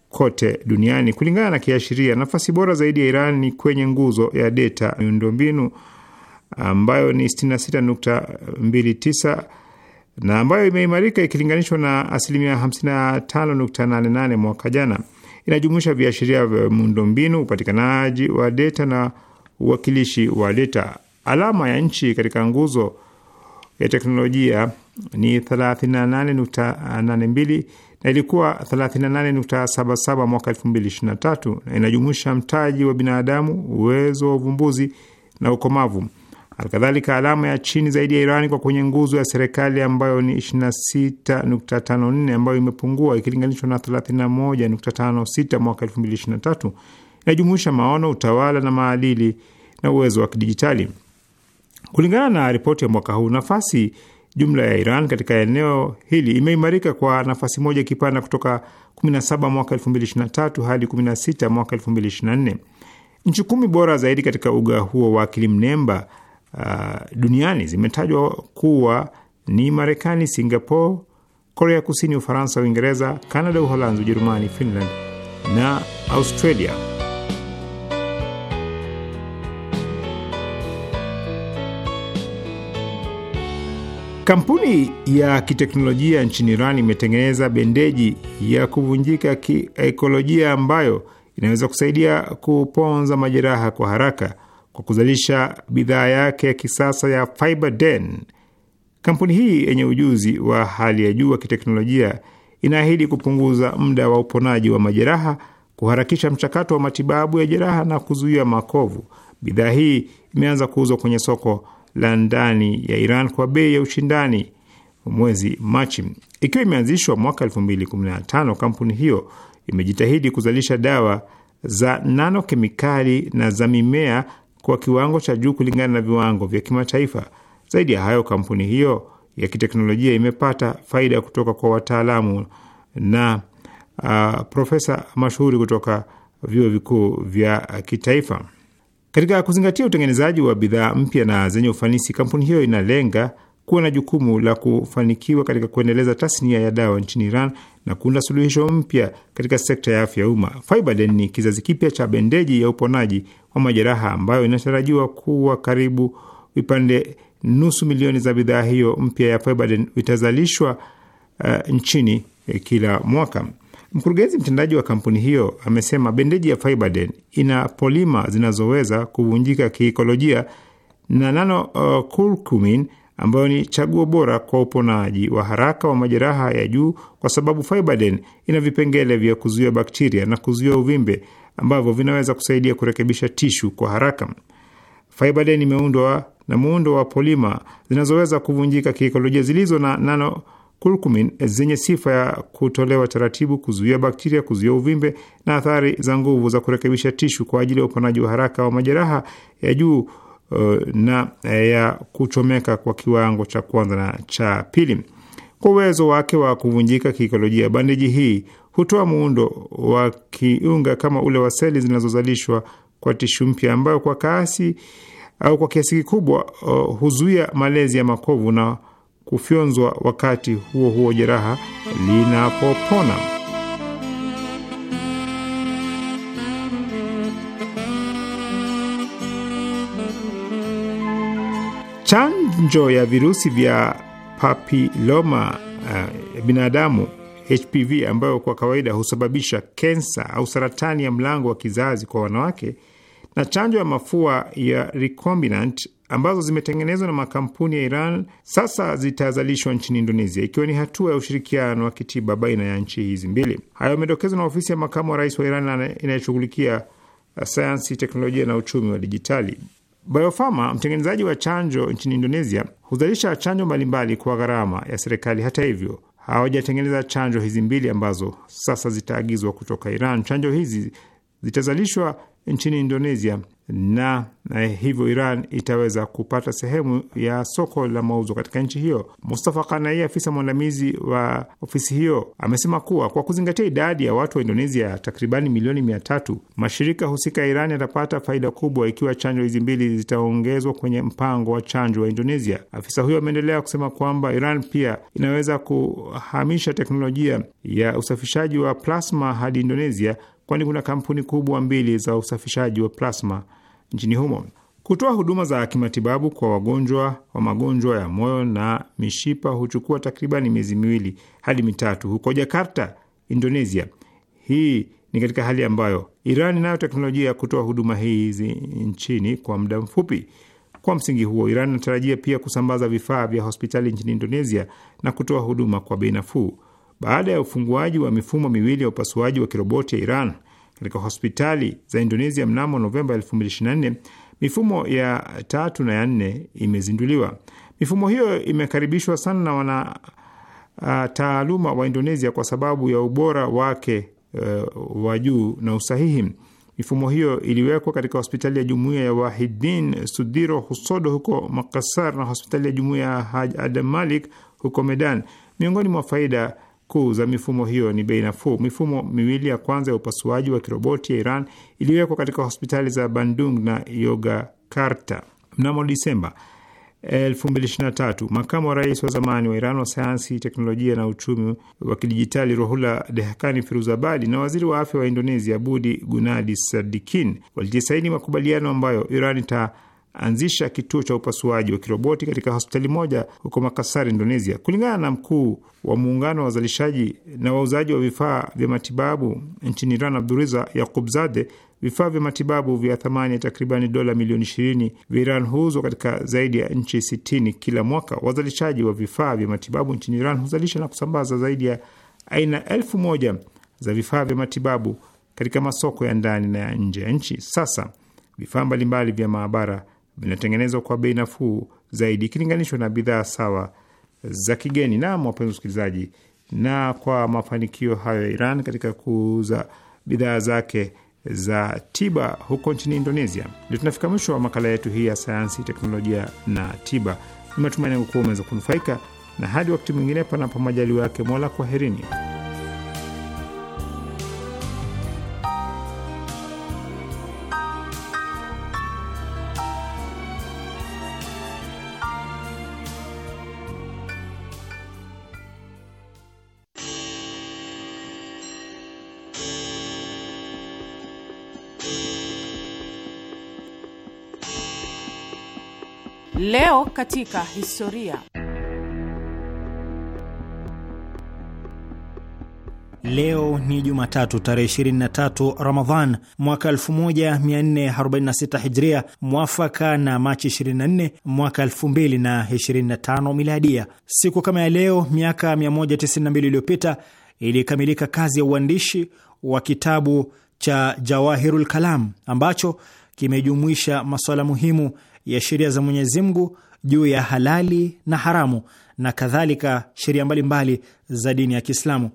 Speaker 3: kote duniani. Kulingana na kiashiria, nafasi bora zaidi ya Iran ni kwenye nguzo ya data miundombinu ambayo ni 66.29 na ambayo imeimarika ikilinganishwa na asilimia 55.88 mwaka jana inajumuisha viashiria vya muundombinu, upatikanaji wa deta na uwakilishi wa deta. Alama ya nchi katika nguzo ya teknolojia ni 38.82 na ilikuwa 38.77 mwaka 2023 na inajumuisha mtaji wa binadamu, uwezo wa uvumbuzi na ukomavu. Alkadhalika, alama ya chini zaidi ya Iran kwa kwenye nguzo ya serikali ambayo ni 26.54 ambayo imepungua ikilinganishwa na 31.56 mwaka 2023. Inajumuisha maono, utawala na maadili na uwezo wa kidijitali. Kulingana na ripoti ya mwaka huu, nafasi jumla ya Iran katika eneo hili imeimarika kwa nafasi moja ikipanda kutoka 17 mwaka 2023 hadi 16 mwaka 2024. Nchi kumi bora zaidi katika uga huo wa akili mnemba uh, duniani zimetajwa kuwa ni Marekani, Singapore, Korea Kusini, Ufaransa, Uingereza, Kanada, Uholanzi, Ujerumani, Finland na Australia. Kampuni ya kiteknolojia nchini Iran imetengeneza bendeji ya kuvunjika kiekolojia ambayo inaweza kusaidia kuponza majeraha kwa haraka kwa kuzalisha bidhaa yake ya kisasa ya FiberDen. Kampuni hii yenye ujuzi wa hali ya juu wa kiteknolojia inaahidi kupunguza muda wa uponaji wa majeraha, kuharakisha mchakato wa matibabu ya jeraha na kuzuia makovu. Bidhaa hii imeanza kuuzwa kwenye soko la ndani ya Iran kwa bei ya ushindani mwezi Machi. Ikiwa imeanzishwa mwaka 2015, kampuni hiyo imejitahidi kuzalisha dawa za nanokemikali na za mimea kwa kiwango cha juu kulingana na viwango vya kimataifa. Zaidi ya hayo, kampuni hiyo ya kiteknolojia imepata faida kutoka kwa wataalamu na uh, profesa mashuhuri kutoka vyuo vikuu vya kitaifa. Katika kuzingatia utengenezaji wa bidhaa mpya na zenye ufanisi, kampuni hiyo inalenga kuwa na jukumu la kufanikiwa katika kuendeleza tasnia ya dawa nchini Iran na kuunda suluhisho mpya katika sekta ya afya ya umma. Fiberden ni kizazi kipya cha bendeji ya uponaji wa majeraha ambayo inatarajiwa kuwa karibu vipande nusu milioni za bidhaa hiyo mpya ya Febaden vitazalishwa uh, eh, nchini eh, kila mwaka. Mkurugenzi mtendaji wa kampuni hiyo amesema bendeji ya Febaden ina polima zinazoweza kuvunjika kiikolojia na nano uh, curcumin ambayo ni chaguo bora kwa uponaji wa haraka wa majeraha ya juu, kwa sababu Febaden ina vipengele vya kuzuia bakteria na kuzuia uvimbe ambavyo vinaweza kusaidia kurekebisha tishu kwa haraka. Faibaden imeundwa na muundo wa polima zinazoweza kuvunjika kiikolojia zilizo na nano kurkumin zenye sifa ya kutolewa taratibu, kuzuia bakteria, kuzuia uvimbe na athari za nguvu za kurekebisha tishu kwa ajili ya uponaji wa haraka wa majeraha ya juu uh, na eh, ya kuchomeka kwa kiwango cha kwanza na cha pili. Kwa uwezo wake wa kuvunjika kiikolojia, bandeji hii hutoa muundo wa kiunga kama ule wa seli zinazozalishwa kwa tishu mpya ambayo kwa kasi au kwa kiasi kikubwa uh, huzuia malezi ya makovu na kufyonzwa wakati huo huo jeraha linapopona. Chanjo ya virusi vya papiloma uh, binadamu HPV ambayo kwa kawaida husababisha kensa au saratani ya mlango wa kizazi kwa wanawake na chanjo ya mafua ya recombinant ambazo zimetengenezwa na makampuni ya Iran sasa zitazalishwa nchini Indonesia, ikiwa ni hatua ya ushirikiano wa kitiba baina ya nchi hizi mbili. Hayo yamedokezwa na ofisi ya makamu wa rais wa Iran inayoshughulikia uh, sayansi, teknolojia na uchumi wa dijitali. Biofarma, mtengenezaji wa chanjo nchini Indonesia, huzalisha chanjo mbalimbali kwa gharama ya serikali. Hata hivyo, hawajatengeneza chanjo hizi mbili ambazo sasa zitaagizwa kutoka Iran. Chanjo hizi zitazalishwa nchini Indonesia na eh, hivyo Iran itaweza kupata sehemu ya soko la mauzo katika nchi hiyo. Mustafa Kanai, afisa mwandamizi wa ofisi hiyo, amesema kuwa kwa kuzingatia idadi ya watu wa Indonesia takribani milioni mia tatu, mashirika husika ya Iran yatapata faida kubwa ikiwa chanjo hizi mbili zitaongezwa kwenye mpango wa chanjo wa Indonesia. Afisa huyo ameendelea kusema kwamba Iran pia inaweza kuhamisha teknolojia ya usafishaji wa plasma hadi Indonesia kwani kuna kampuni kubwa mbili za usafishaji wa plasma nchini humo. Kutoa huduma za kimatibabu kwa wagonjwa wa magonjwa ya moyo na mishipa huchukua takribani miezi miwili hadi mitatu huko Jakarta, Indonesia. Hii ni katika hali ambayo Iran inayo teknolojia ya kutoa huduma hizi nchini kwa muda mfupi. Kwa msingi huo, Iran inatarajia pia kusambaza vifaa vya hospitali nchini Indonesia na kutoa huduma kwa bei nafuu. Baada ya ufunguaji wa mifumo miwili ya upasuaji wa kiroboti ya Iran katika hospitali za Indonesia mnamo Novemba 2024, mifumo ya tatu na ya nne imezinduliwa. Mifumo hiyo imekaribishwa sana na wana uh, taaluma wa Indonesia kwa sababu ya ubora wake uh, wa juu na usahihi. Mifumo hiyo iliwekwa katika hospitali ya jumuiya ya Wahidin Sudiro Husodo huko Makassar na hospitali ya jumuiya ya Haj Adam Malik huko Medan. Miongoni mwa faida kuu za mifumo hiyo ni bei nafuu. Mifumo miwili ya kwanza ya upasuaji wa kiroboti ya Iran iliyowekwa katika hospitali za Bandung na Yogyakarta mnamo Disemba 2023, makamu wa rais wa zamani wa Iran wa sayansi, teknolojia na uchumi wa kidijitali Rohula Dehakani Firuzabadi na waziri wa afya wa Indonesia Budi Gunadi Sadikin walijisaini makubaliano ambayo Iran ita anzisha kituo cha upasuaji wa kiroboti katika hospitali moja huko Makassar, Indonesia. Kulingana na mkuu wa muungano wa wazalishaji na wauzaji wa vifaa vya matibabu nchini Iran, Abduriza Yakubzade, vifaa vya matibabu vya thamani ya takribani dola milioni ishirini vya Iran huuzwa katika zaidi ya nchi sitini kila mwaka. Wazalishaji wa vifaa vya matibabu nchini Iran huzalisha na kusambaza zaidi ya aina elfu moja za vifaa vya matibabu katika masoko ya ndani na ya nje ya nchi. Sasa vifaa mbalimbali vya maabara vinatengenezwa kwa bei nafuu zaidi ikilinganishwa na bidhaa sawa za kigeni. Naam, wapenzi wasikilizaji, na kwa mafanikio hayo ya Iran katika kuuza bidhaa zake za tiba huko nchini Indonesia, ndio tunafika mwisho wa makala yetu hii ya sayansi, teknolojia na tiba. Ni matumaini yangu kuwa umeweza kunufaika na. Hadi wakati mwingine, panapo majaliwa yake Mola, kwaherini.
Speaker 4: Leo katika historia.
Speaker 5: Leo ni Jumatatu tarehe 23 Ramadhan mwaka 1446 Hijria, mwafaka na Machi 24 mwaka 2025 Miladia. Siku kama ya leo miaka 192 iliyopita ilikamilika kazi ya uandishi wa kitabu cha Jawahirul Kalam ambacho kimejumuisha masuala muhimu ya sheria za Mwenyezi Mungu juu ya halali na haramu na kadhalika sheria mbalimbali za dini ya Kiislamu.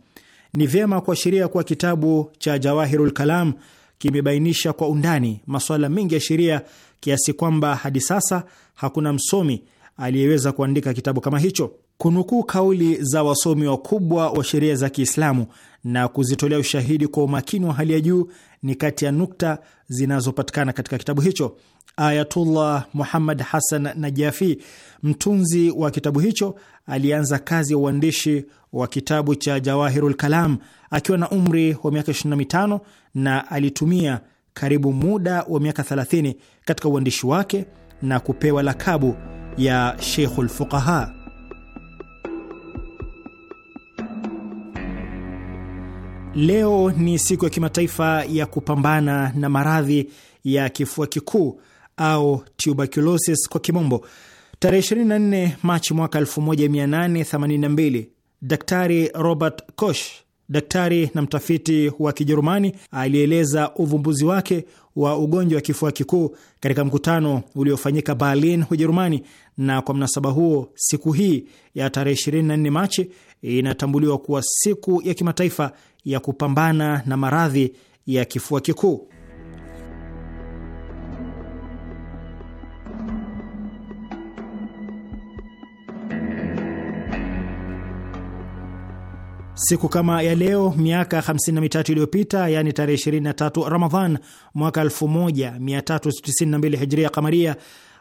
Speaker 5: Ni vyema kuashiria kuwa kitabu cha Jawahirul Kalam kimebainisha kwa undani masuala mengi ya sheria kiasi kwamba hadi sasa hakuna msomi aliyeweza kuandika kitabu kama hicho. Kunukuu kauli za wasomi wakubwa wa, wa sheria za Kiislamu na kuzitolea ushahidi kwa umakini wa hali ya juu ni kati ya nukta zinazopatikana katika kitabu hicho. Ayatullah Muhammad Hassan Najafi, mtunzi wa kitabu hicho, alianza kazi ya uandishi wa kitabu cha Jawahirul Kalam akiwa na umri wa miaka 25 na alitumia karibu muda wa miaka 30 katika uandishi wake na kupewa lakabu ya Sheikhul Fuqaha. Leo ni siku ya kimataifa ya kupambana na maradhi ya kifua kikuu au tuberculosis kwa kimombo. Tarehe 24 Machi mwaka 1882 Daktari Robert Koch, daktari na mtafiti wa Kijerumani, alieleza uvumbuzi wake wa ugonjwa wa kifua kikuu katika mkutano uliofanyika Berlin, Ujerumani, na kwa mnasaba huo siku hii ya tarehe 24 Machi inatambuliwa kuwa siku ya kimataifa ya kupambana na maradhi ya kifua kikuu. Siku kama ya leo miaka 53 iliyopita, yani tarehe 23 Ramadhan mwaka 1392 Hijria Kamaria,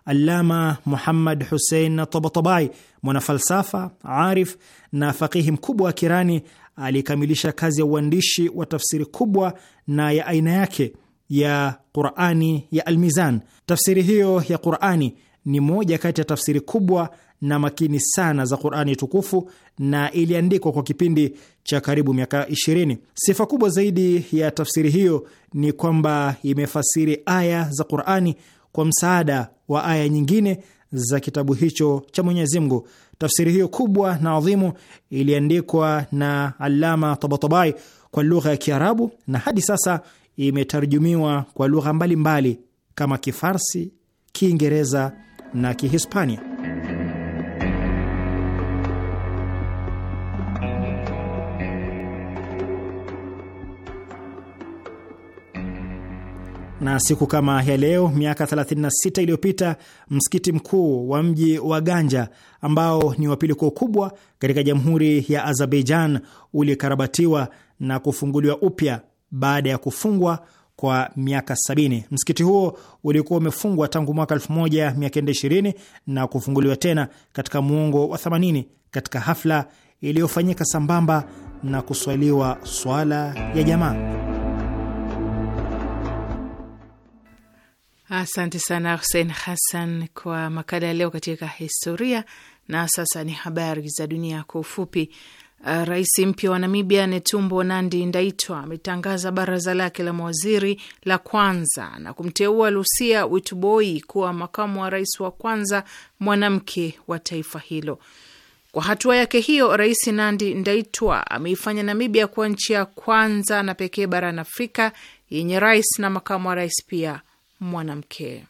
Speaker 5: Allama Muhammad Hussein Tabatabai, mwanafalsafa arif na faqihi mkubwa wa Kirani, alikamilisha kazi ya uandishi wa tafsiri kubwa na ya aina yake ya Qurani ya Almizan. Tafsiri hiyo ya Qurani ni moja kati ya tafsiri kubwa na makini sana za Qurani tukufu na iliandikwa kwa kipindi cha karibu miaka 20. Sifa kubwa zaidi ya tafsiri hiyo ni kwamba imefasiri aya za Qurani kwa msaada wa aya nyingine za kitabu hicho cha Mwenyezi Mungu. Tafsiri hiyo kubwa na adhimu iliandikwa na Allama Tabatabai kwa lugha ya Kiarabu na hadi sasa imetarjumiwa kwa lugha mbalimbali kama Kifarsi, Kiingereza na Kihispania. na siku kama ya leo miaka 36 iliyopita msikiti mkuu wa mji wa Ganja ambao ni wa pili kwa ukubwa katika jamhuri ya Azerbaijan ulikarabatiwa na kufunguliwa upya baada ya kufungwa kwa miaka 70. Msikiti huo ulikuwa umefungwa tangu mwaka 1920 na kufunguliwa tena katika muongo wa 80 katika hafla iliyofanyika sambamba na kuswaliwa swala ya jamaa.
Speaker 4: Asante sana Hussein Hassan kwa makala ya leo katika historia. Na sasa ni habari za dunia kwa ufupi. Uh, rais mpya wa Namibia Netumbo Nandi Ndaitwa ametangaza baraza lake la mawaziri la kwanza na kumteua Lusia Witboi kuwa makamu wa rais wa kwanza mwanamke wa taifa hilo. Kwa hatua yake hiyo, Rais Nandi Ndaitwa ameifanya Namibia kuwa nchi ya kwanza na pekee barani Afrika yenye rais na makamu wa rais pia mwanamke.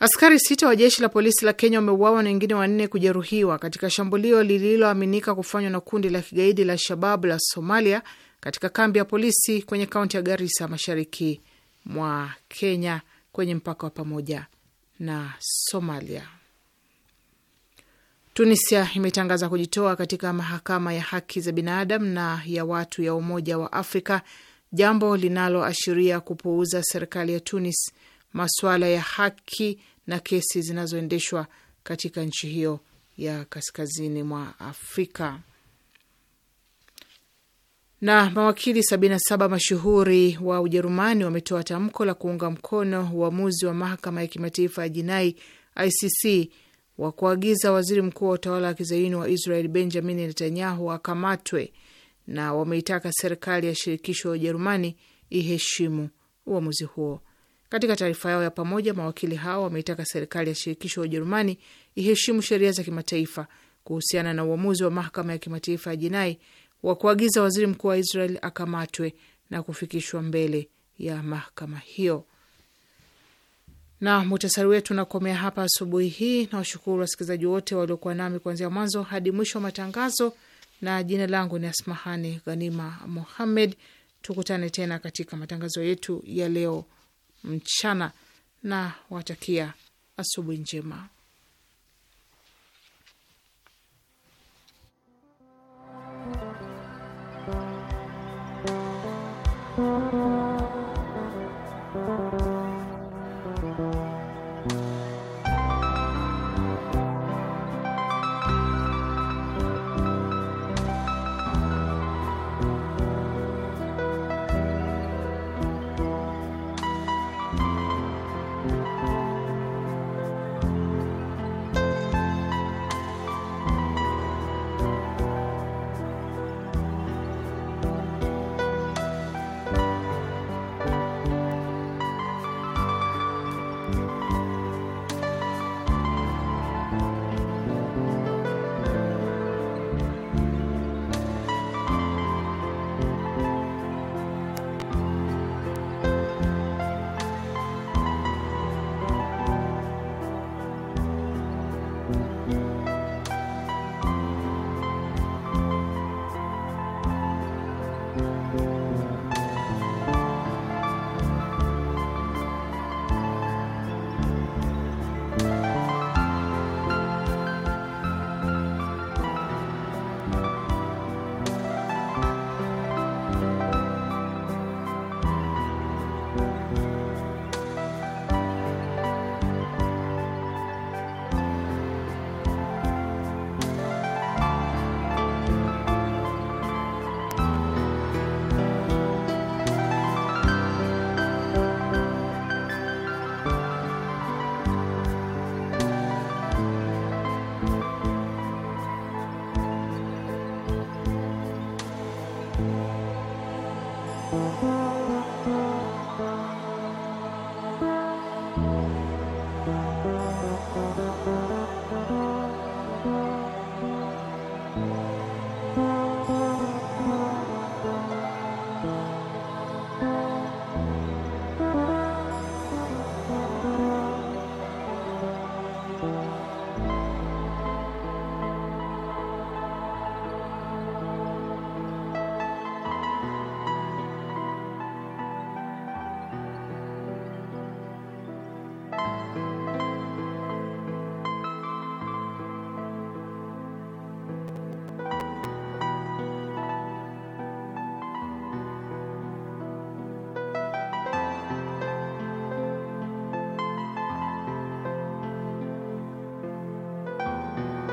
Speaker 4: Askari sita wa jeshi la polisi la Kenya wameuawa na wengine wanne kujeruhiwa katika shambulio lililoaminika kufanywa na kundi la kigaidi la Shababu la Somalia katika kambi ya polisi kwenye kaunti ya Garisa, mashariki mwa Kenya, kwenye mpaka wa pamoja na Somalia. Tunisia imetangaza kujitoa katika mahakama ya haki za binadamu na ya watu ya Umoja wa Afrika jambo linaloashiria kupuuza serikali ya Tunis masuala ya haki na kesi zinazoendeshwa katika nchi hiyo ya kaskazini mwa Afrika. Na mawakili 77 mashuhuri wa Ujerumani wametoa tamko la kuunga mkono uamuzi wa mahakama ya kimataifa ya jinai ICC wa kuagiza waziri mkuu wa utawala wa kizaini wa Israel Benjamin Netanyahu akamatwe na wameitaka serikali ya shirikisho ya Ujerumani iheshimu uamuzi huo. Katika taarifa yao ya pamoja, mawakili hao wameitaka serikali ya shirikisho ya Ujerumani iheshimu sheria za kimataifa kuhusiana na uamuzi wa mahakama ya kimataifa ya jinai wa kuagiza waziri mkuu wa Israel akamatwe na kufikishwa mbele ya mahakama hiyo. Na muhtasari wetu unakomea hapa asubuhi hii, Nawashukuru wasikilizaji wote waliokuwa nami kuanzia mwanzo hadi mwisho wa matangazo na jina langu ni Asmahani Ghanima Muhammed. Tukutane tena katika matangazo yetu ya leo mchana, na watakia asubuhi njema.